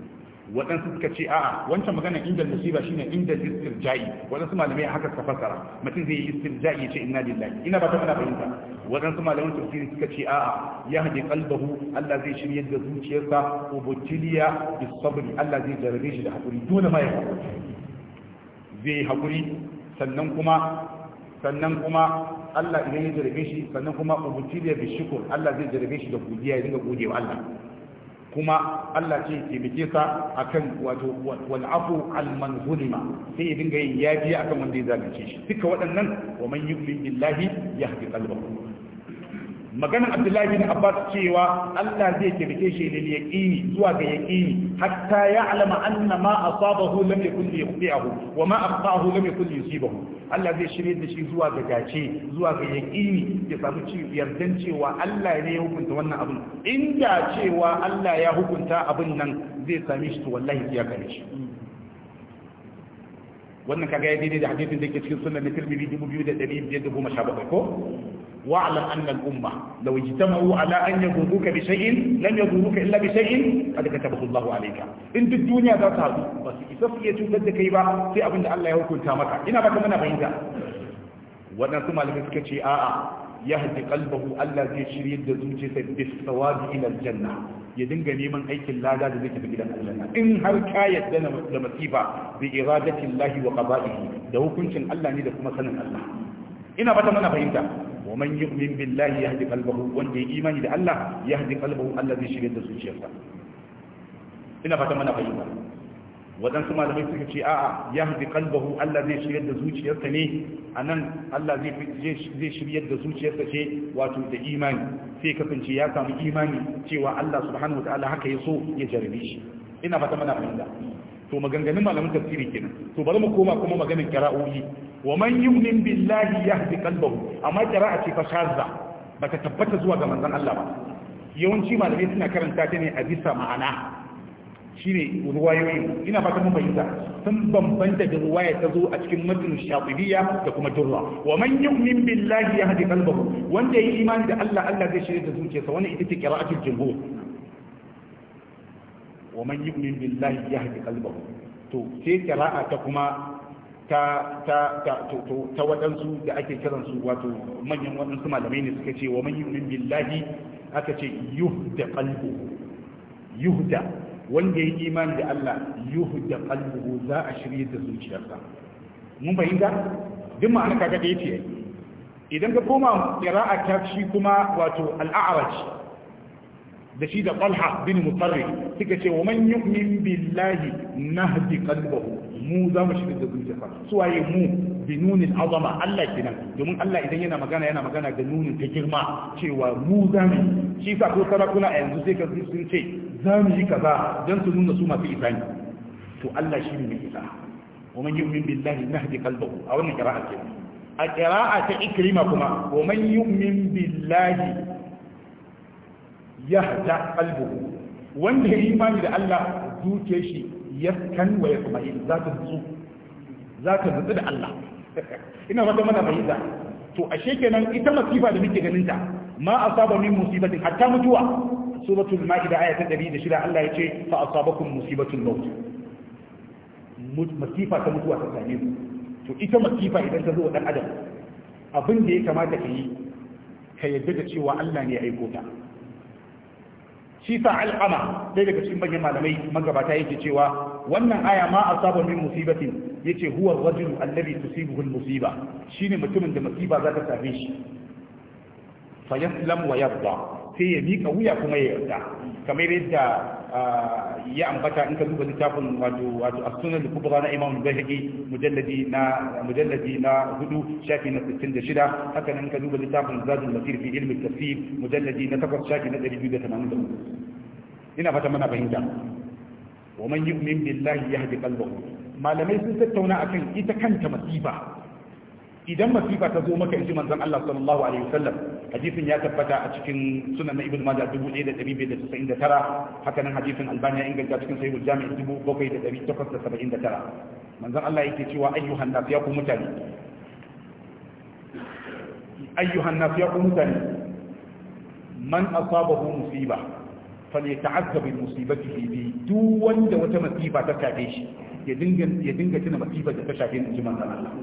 waɗansu suka ce a'a wancan maganar inda musiba shine inda istirja'i waɗansu malamai haka suka fassara mutum zai yi istirja'i ya ce inna lillahi ina ba ta kana fahimta waɗansu malaman tafsiri suka ce a'a ya hadi qalbahu Allah zai shirye da zuciyarsa ubutiliya bis sabri Allah zai jarabe shi da hakuri dole ma ya zai hakuri sannan kuma sannan kuma Allah idan ya jarabe shi sannan kuma ubutiliya bis shukr Allah zai jarabe shi da godiya ya dinga godewa Allah kuma Allah ce taimake sa akan wato wal afu al man sai ya dinga yin yafi akan wanda ya zalunce shi duka waɗannan wa man yu'min billahi yahdi qalbahu maganar abdullahi bin abbas cewa allah zai kirke shi da yaqini zuwa ga yaqini hatta alama anna ma asabahu lam yakun yuqti'ahu wa ma akhtahu lam yakun yusibahu allah zai shirye da shi zuwa ga gace zuwa ga yaqini ya samu ci yardan cewa allah ne ya hukunta wannan abin inda cewa allah ya hukunta abin nan zai same shi to wallahi ya kare shi wannan kaga ya daidai da hadisin da ke cikin sunan na tirmidhi 2517 ko واعلم أن الأمة لو اجتمعوا على أن يضروك بشيء لم يضروك إلا بشيء قد كتبه الله عليك إن الدنيا ذات هذه بس إسفية تدد كيبا في أبن الله يكون تامتا إنا بك منا بإنزا ونسمع لمسكة آآ يهدي قلبه ألا زي شريد دزوجي بالثواب إلى الجنة ya dinga neman aikin lada da zai tafi gidan aljanna in har ka yadda da masifa bi iradatin lahi wa qada'ihi da hukuncin Allah ne da kuma sanin Allah ina fata mana fahimta ومن يؤمن بالله يهدي قلبه وان يي ايماني ده الله يهدي قلبه الله zai shigar da zuciyarsa ina fata mana fahimta wadan su malamai suka ce a'a yahdi qalbahu Allah zai shiryar da zuciyarsa ne anan Allah zai zai shiryar da zuciyarsa ce wato da imani sai kasance ya samu imani cewa Allah subhanahu ta'ala haka ya so ya jarabe shi ina fata mana fahimta to maganganun malamin tafsiri kenan to bari mu koma kuma maganin qira'o'i wa man yu'min billahi yahdi qalbahu amma qira'a ce fa shazza bata tabbata zuwa ga manzon Allah ba yawanci malamai suna karanta ta ne a bisa ma'ana shine ruwayoyi ina fata mun bayyana sun bambanta da ruwaya ta zo a cikin matsin shafi'iyya da kuma turra wa man yu'min billahi yahdi qalbahu wanda yi imani da Allah Allah zai shirya da zuciyarsa wannan ita ce qira'atul jumhur wa man yu'min billahi yahdi qalbahu to sai qira'a ta kuma ta ta ta to ta wadansu da ake kiran su wato manyan wadansu malamai ne suka ce wa man yu'min billahi aka ce yuhda qalbuhu yuhda wanda ya imani da Allah yuhda qalbuhu za a shirye da zuciyarsa mun bayyana duk ma'ana kaga da yace idan ka koma qira'a ta shi kuma wato al-a'raj da shi da Talha bin Mutarri suka ce wa man yu'min billahi nahdi qalbahu mu za mu shiga da zuciyarsa su waye mu bi nunin azama Allah kenan domin Allah idan yana magana yana magana da nunin ta girma cewa mu za mu shi sa ko sarakuna a yanzu sai ka sun ce za mu yi kaza dan su nuna su masu isa to Allah shi ne mai isa wa man yu'min billahi nahdi qalbahu a wannan qira'a kenan a qira'a ta ikrima kuma wa man yu'min billahi ya hata qalbuhu wanda ya yi imani da Allah zuciyar shi ya kan wa yatma'in za ta nutsu za ta nutsu da Allah ina fata mana fahimta to ashe kenan ita masifa da muke ganin ta ma asaba min musibatin hatta mutuwa suratul ma'ida aya ta 106 Allah ya ce fa asabakum musibatul maut masifa ta mutuwa ta same ku to ita masifa idan ta zo dan adam abin da ya kamata ka yi ka yadda da cewa Allah ne ya aiko ta shi sa al'ama dai daga cikin manyan malamai magabata yake cewa wannan aya ma a asaba min musibatin ce huwa rajul allabi tusibuhu musiba shine mutumin da musiba za ta same shi fayaslam wa yarda sai ya miƙa wuya kuma ya yarda kamar yadda ya ambata in ka duba littafin wato wato as-sunan al-kubra na Imam al-Baihaqi mujalladi na mujalladi na hudu shafi na 66 haka nan ka duba littafin Zadul Masir fi ilmi tafsir mujalladi na 8 shafi na 283 ina fata mana fahimta wa man yu'min billahi yahdi qalbahu malamai sun tattauna akan ita kanta masifa idan masifa ta zo maka in ji manzon Allah sallallahu alaihi wasallam hadisin ya tabbata a cikin sunan na ibn majah 1599 haka nan hadisin albani ya inganta cikin jami'in dubu sahihul da 7879 manzon Allah yake cewa ayyuhan nas ya ku mutane ayyuhan nas ya ku mutane man asabahu musiba falyata'azzab bi musibatihi bi duk wanda wata musiba ta shafe shi ya dinga ya dinga tuna musibar da ta shafe shi manzon Allah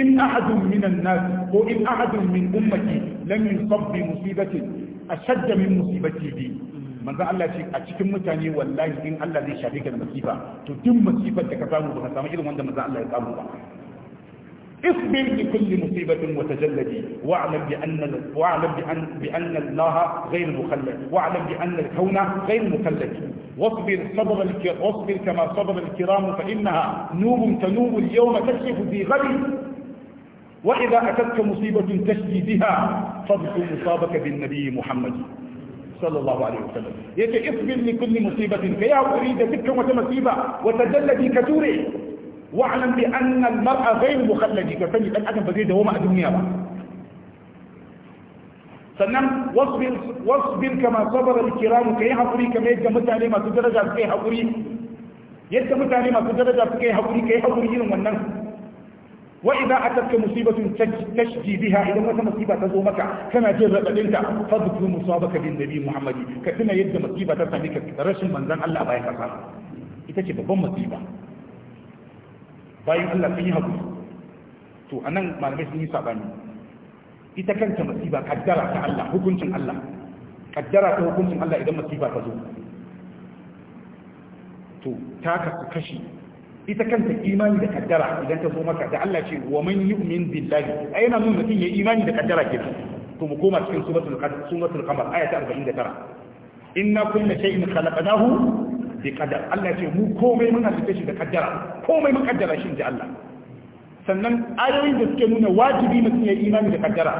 إن أحد من الناس وإن أحد من أمتي لم يصب بمصيبة أشد من مصيبتي بي من ذا الله a cikin mutane wallahi in Allah zai shafe ka da masifa to duk masifar da ka samu اصبر لكل مصيبة وتجلدي واعلم بأن واعلم بأن بأن الله غير مخلد واعلم بأن الكون غير مخلد واصبر صبر واصبر كما صبر الكرام فإنها نور تنوب اليوم تكشف في غد وإذا أتتك مصيبة تشكي بها فاذكر مصابك بالنبي محمد صلى الله عليه وسلم يتي اصبر لكل مصيبة فيا أريد بك وتمصيبة وتجلى بكتوره واعلم بأن المرأة غير مخلد كفني أن أدم بزيد وما الدنيا بقى sannan wasbir kama sabara kiramu kai haƙuri kama yadda mutane masu daraja suka yi haƙuri yadda mutane masu daraja suka yi haƙuri kai haƙuri irin wannan وإذا أتتك مصيبة تشجي بها إذا ما مصيبة تزومك كما جرب أنت فاذكر مصابك بالنبي محمد كثيرا يد مصيبة تسميك رشل من ذن الله بايك الله إتشي ببن مصيبة بايك الله فيها بس تو أنا ما نمشي نيسا باني إتا كانت مصيبة قدرة الله حكمت الله قدرة حكمت الله إذا مصيبة تزوم تو تاكا كشي ita kanta imani da kaddara idan ta zo maka da Allah ce wa man yu'min billahi ai yana nuna mutum ya imani da kaddara kenan to mu koma cikin suratul qadr suratul qamar aya ta 49 inna kullu shay'in khalaqnahu bi qadar Allah ce mu komai mun halitta shi da kaddara komai mun kaddara shi da Allah sannan ayoyin da suke nuna wajibi mutum ya imani da kaddara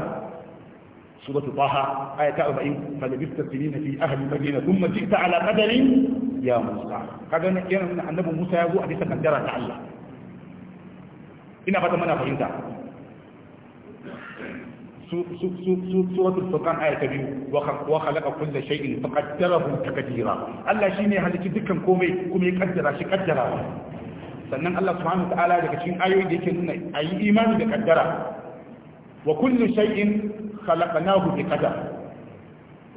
suratul taha aya ta 40 fa labista sinina fi ahli madina thumma ji'ta ala qadarin ya musa kaga ne irin annabi musa ya zo a bisa kaddara ta Allah ina fata mana fahimta su su su su suratul furqan aya ta biyu wa khalaqa kulla shay'in faqaddarahu taqdira Allah shine halitta dukkan komai kuma ya kaddara shi kaddara sannan Allah subhanahu wataala yake nuna ayi imani da kaddara wa kullu shay'in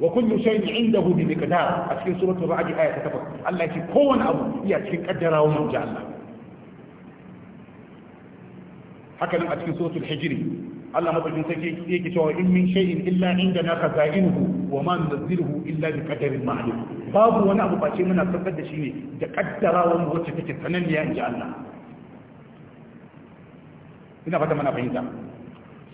wa kullu shay'in indahu bi miqdar a cikin suratul ra'd aya ta 8 Allah yake kowane abu iya cikin kaddarawa mun ji Allah haka nan a cikin suratul hijri Allah madaukin sarki yake cewa in min shay'in illa indana khaza'inuhu wa ma nunzilu illa bi qadarin ma'lum babu wani abu face muna sabar da shi ne da kaddarawa wacce take sananniya in ji Allah ina fata mana fahimta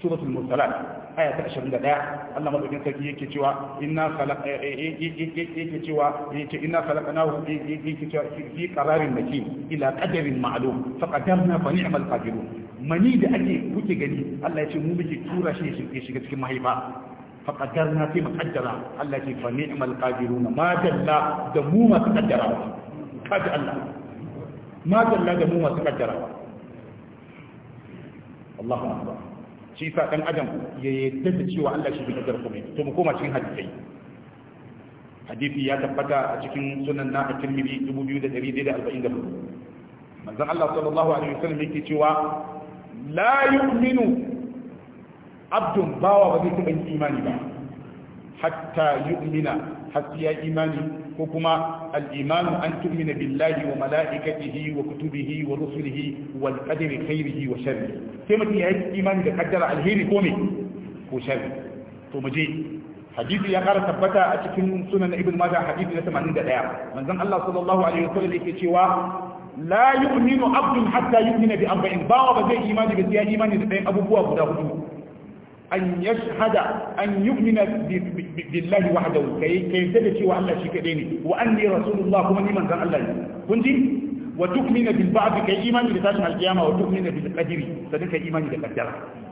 suratul mursalat aya ta 21 Allah madaukin sarki yake cewa inna khalaqa eh, eh, eh, yake cewa yake inna khalaqnahu yake cewa fi qararin makin ila qadarin ma'lum faqadarna fa ni'mal qadirun mani da ake kuke gani Allah ya ce mu muke tura shi ya shiga cikin mahaifa ma. في مقدرة التي فنعم القادرون ما جل دموما تقدرة قد الله ما جل دموما تقدرة Allahu أكبر shi sa dan adam ya yadda da cewa Allah shi bi kadar komai to mu koma cikin hadisai hadisi ya tabbata a cikin sunan na at-Tirmidhi 2144 manzon Allah sallallahu alaihi wasallam yake cewa la yu'minu abdun bawa ba zai taɓa imani ba hatta yu'mina haskiya imani ko kuma al-imanu an tu'mina billahi wa mala'ikatihi wa kutubihi wa rusulihi wal qadari khairihi wa sharri sai mutum ya imani da kaddara alheri ko me ko sharri to mu je hadisi ya kara tabbata a cikin sunan ibn majah hadisi na 81 manzon Allah sallallahu alaihi wasallam yake cewa la yu'minu abdun hatta yu'mina bi arba'in ba zai imani ba imani da ɗayan abubuwa guda hudu an yashhada an yu'mina billahi wahdahu kai kai da cewa Allah shi kadai ne wa anni rasulullah kuma ni manzon Allah ne kun ji wa tu'mina bil ba'd kai imani da tashin alkiyama wa tu'mina bil qadri sanin kai imani da kaddara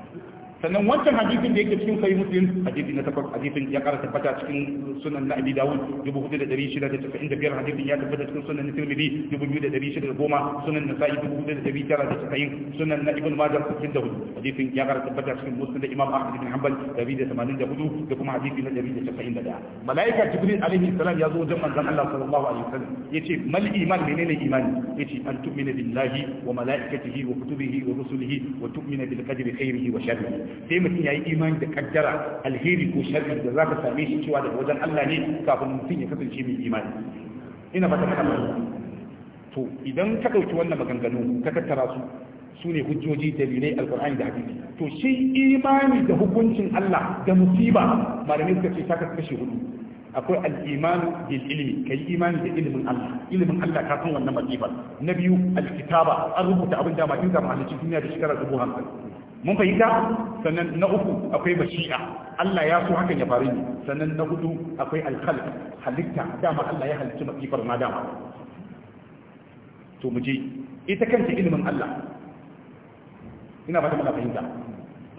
sannan wancan hadisin da yake cikin sahih muslim hadisi na takwas hadisin ya kara tabbata cikin sunan na abi dawud 4695 hadisin ya tabbata cikin sunan na tirmidhi 2610 sunan na sa'i 4990 sunan na ibn majah 64 hadisin ya kara tabbata cikin muslim da imam ahmad bin hanbal dari da tamanin da da hudu kuma hadisi na daya. malaika jibril alaihi salam ya zo wajen manzon Allah sallallahu alaihi wasallam yace mal iman menene imani yace an tu'mina billahi wa malaikatihi wa kutubihi wa rusulihi wa tu'mina bil qadri khairihi wa sharrihi sai mutum ya yi imani da kaddara alheri ko sharri da za ka same shi cewa daga wajen Allah ne kafin mutum ya kasance mai imani ina ba ta kana to idan ka ɗauki wannan maganganu ka tattara su su ne hujjoji dalilai alkur'ani da hadisi to shi imani da hukuncin Allah da musiba malamai suka ce ta kashe hudu akwai al'imanu bil ilimi ka yi imani da ilimin Allah ilimin Allah ka san wannan masifar na biyu kitaba an rubuta abin da ma in ga mahalicin duniya da shekara dubu hamsin mun fahimta sannan na uku akwai bashi'a Allah ya so hakan ya faru ne sannan na hudu akwai alkhalq halitta dama Allah ya halicci masifar na dama to mu je ita kanta ilimin Allah ina fata mana fahimta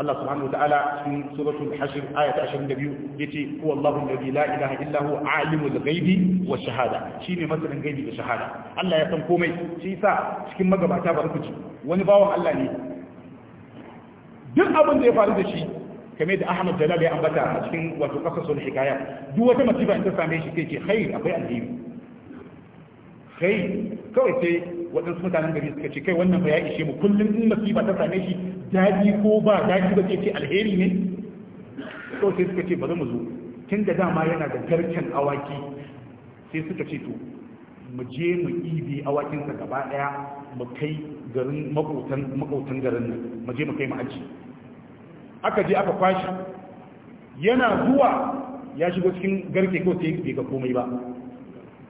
Allah subhanahu wataala cikin suratul hashr aya ta 22 yace huwa Allahu alladhi la ilaha illa huwa alimul ghaibi wa shahada shine masalan gaibi da shahada Allah ya san komai shi yasa cikin magabata ci. wani bawan Allah ne duk abin da ya faru da shi kamar da Ahmad Jalal ya ambata a cikin wato kasasul hikaya duk wata masifa in ta same shi sai ce khair akwai alheri kai kawai sai waɗansu mutanen gari suka ce kai wannan ba ya ishe mu kullum in masifa ta same shi daɗi ko ba daɗi ba sai ce alheri ne to sai suka ce bari mu zo tun da dama yana da garken awaki sai suka ce to mu je mu ibi awakinsa gaba ɗaya mu kai garin maƙotan garin nan mu je mu kai mu aji aka je aka kwashi yana zuwa ya shigo cikin garke ko sai bai ga komai ba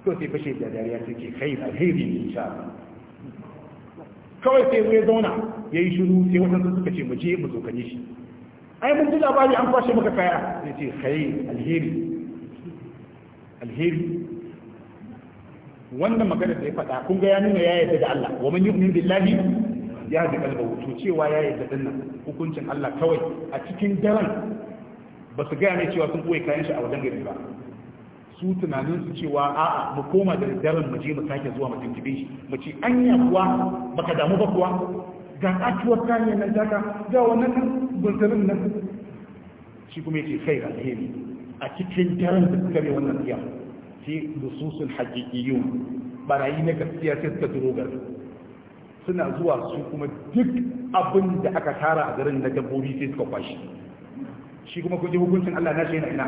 ko sai fashe da dariya sai ke kai alheri ne insha kawai sai ya zauna ya yi shiru sai wadansu suka ce mu je mu tsokane shi ai mun ji labari an kwashe maka kaya sai ce kai alheri alheri wannan magana da ya faɗa kun ga ya nuna ya yarda da Allah wa man yu'min billahi ya da kalba to cewa ya yi daɗin nan hukuncin Allah kawai a cikin daren ba su gaya mai cewa sun ɓoye kayan shi a wajen gari ba su tunanin su cewa a'a mu koma da daren mu je mu sake zuwa mu tuntube shi mu ci anya kuwa baka damu ba kuwa ga katuwar kayan nan daga ga wannan kan buntarin nan shi kuma yake kai alheri a cikin daren da suka mai wannan biya sai lususul haqiqiyun barayi na gaskiya sai suka duro gari suna zuwa su kuma duk abin da aka tara a garin na dabbobi sai suka kwashi shi kuma kuji hukuncin Allah na shi yana ina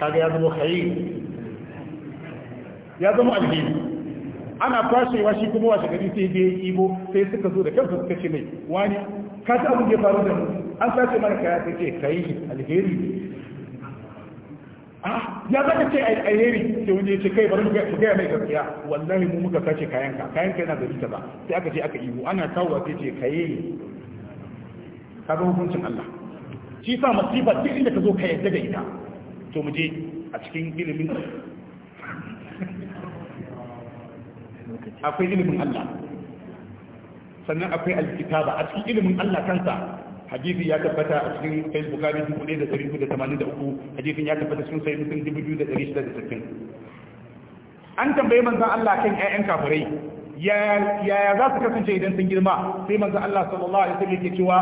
kaga ya zama khayi ya zama alheri ana kwashewa shi kuma washe gari sai je ibo sai suka zo da kansu suka ce mai wani ka ta abin da ya faru da mu an sace mana kaya sai ce kai alheri Ah, ya zaka ce a yeri sai wani ya ce kai bari ga gaya mai gaskiya wallahi mu muka kace kayan ka kayan ka yana da rita ba sai aka ce aka ihu ana tawa sai ce kaye Ka ga hukuncin Allah shi sa masifa duk inda ka zo ka yadda da ita to mu je a cikin ilimin akwai ilimin Allah sannan akwai alkitaba a cikin ilimin Allah kansa hadisi ya tabbata a cikin tamanin da uku hadisin ya tabbata cikin shida da sittin. an tambayi manzon Allah kan ƴaƴan kafirai yaya za su kasance idan sun girma sai manzo Allah sallallahu alaihi wasallam yake cewa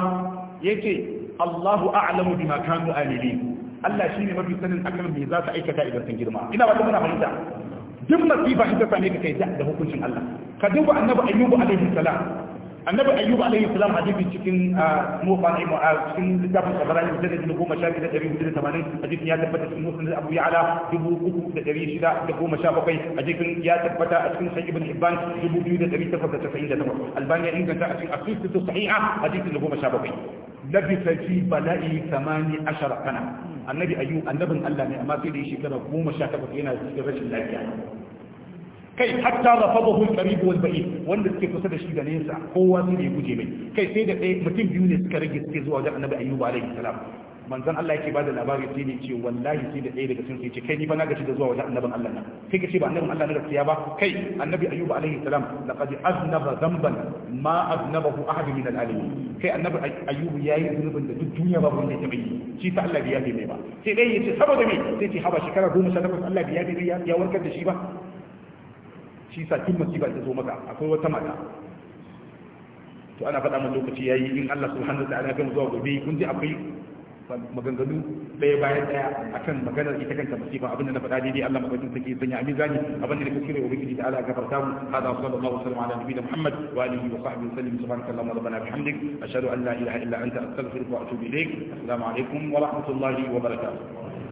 yake Allahu a'lamu bima kanu amilin Allah shine mafi sanin akan me za su aikata idan sun girma ina ba ta muna fahimta duk masifa ita same ka kai da hukuncin Allah ka duba annabi ayyubu alaihi salam annabi ayyub alaihi salam hadisi cikin ah, mufan ibn mu'az cikin littafin sabarai da da goma sha biyu da dari hudu da tamanin hadisin ya tabbata cikin da abu ya'la dubu uku da dari shida da goma sha bakwai hadisin ya tabbata a cikin sahih ibn hibban dubu biyu da dari takwas da tasa'in da takwas albani ya inganta a cikin asisatu sahiha hadisin da goma sha bakwai labisa fi bala'i samani ashara kana annabi ayyub annabin Allah ne amma sai da shekara goma sha takwas yana cikin rashin lafiya kai hatta rafadahu al-qarib wal ba'id wanda suke kusa da shi da nesa kowa sai ya guje mai kai sai da ɗaya mutum biyu ne suka rage suke zuwa wajen annabi ayyuba alaihi salam manzon Allah yake bada labari sai ne ce wallahi sai da ɗaya daga cikin sai ce kai ni ba na gaci da zuwa wajen annabin Allah na kai kace ba annabin Allah na gaskiya ba kai annabi ayyuba alaihi salam laqad aznaba dhanban ma aznabahu ahad min al-alamin kai annabi ayyubu yayi zunubin da duk duniya babu wanda ya taɓa yi shi ta Allah biya bai mai ba sai dai yace saboda me sai ce haba shekara 18 Allah biya bai ya warkar da shi ba shi sa masifa ta zo maka akwai wata mata to ana faɗa mun lokaci yayi in Allah subhanahu wa ta'ala ya gama zuwa gobe kun ji akwai maganganu ɗaya bayan ɗaya akan maganar ita kanta masifa abinda na faɗa daidai Allah madaukakin sarki sanya a mizani abinda da kuskure wa bikini ta'ala gafarta mu hada sallallahu alaihi wa ala nabi da Muhammad wa alihi wa sahbihi sallim subhanaka allahumma rabbana bihamdik ashhadu an la ilaha illa anta astaghfiruka wa atubu ilaik assalamu alaikum wa rahmatullahi wa barakatuh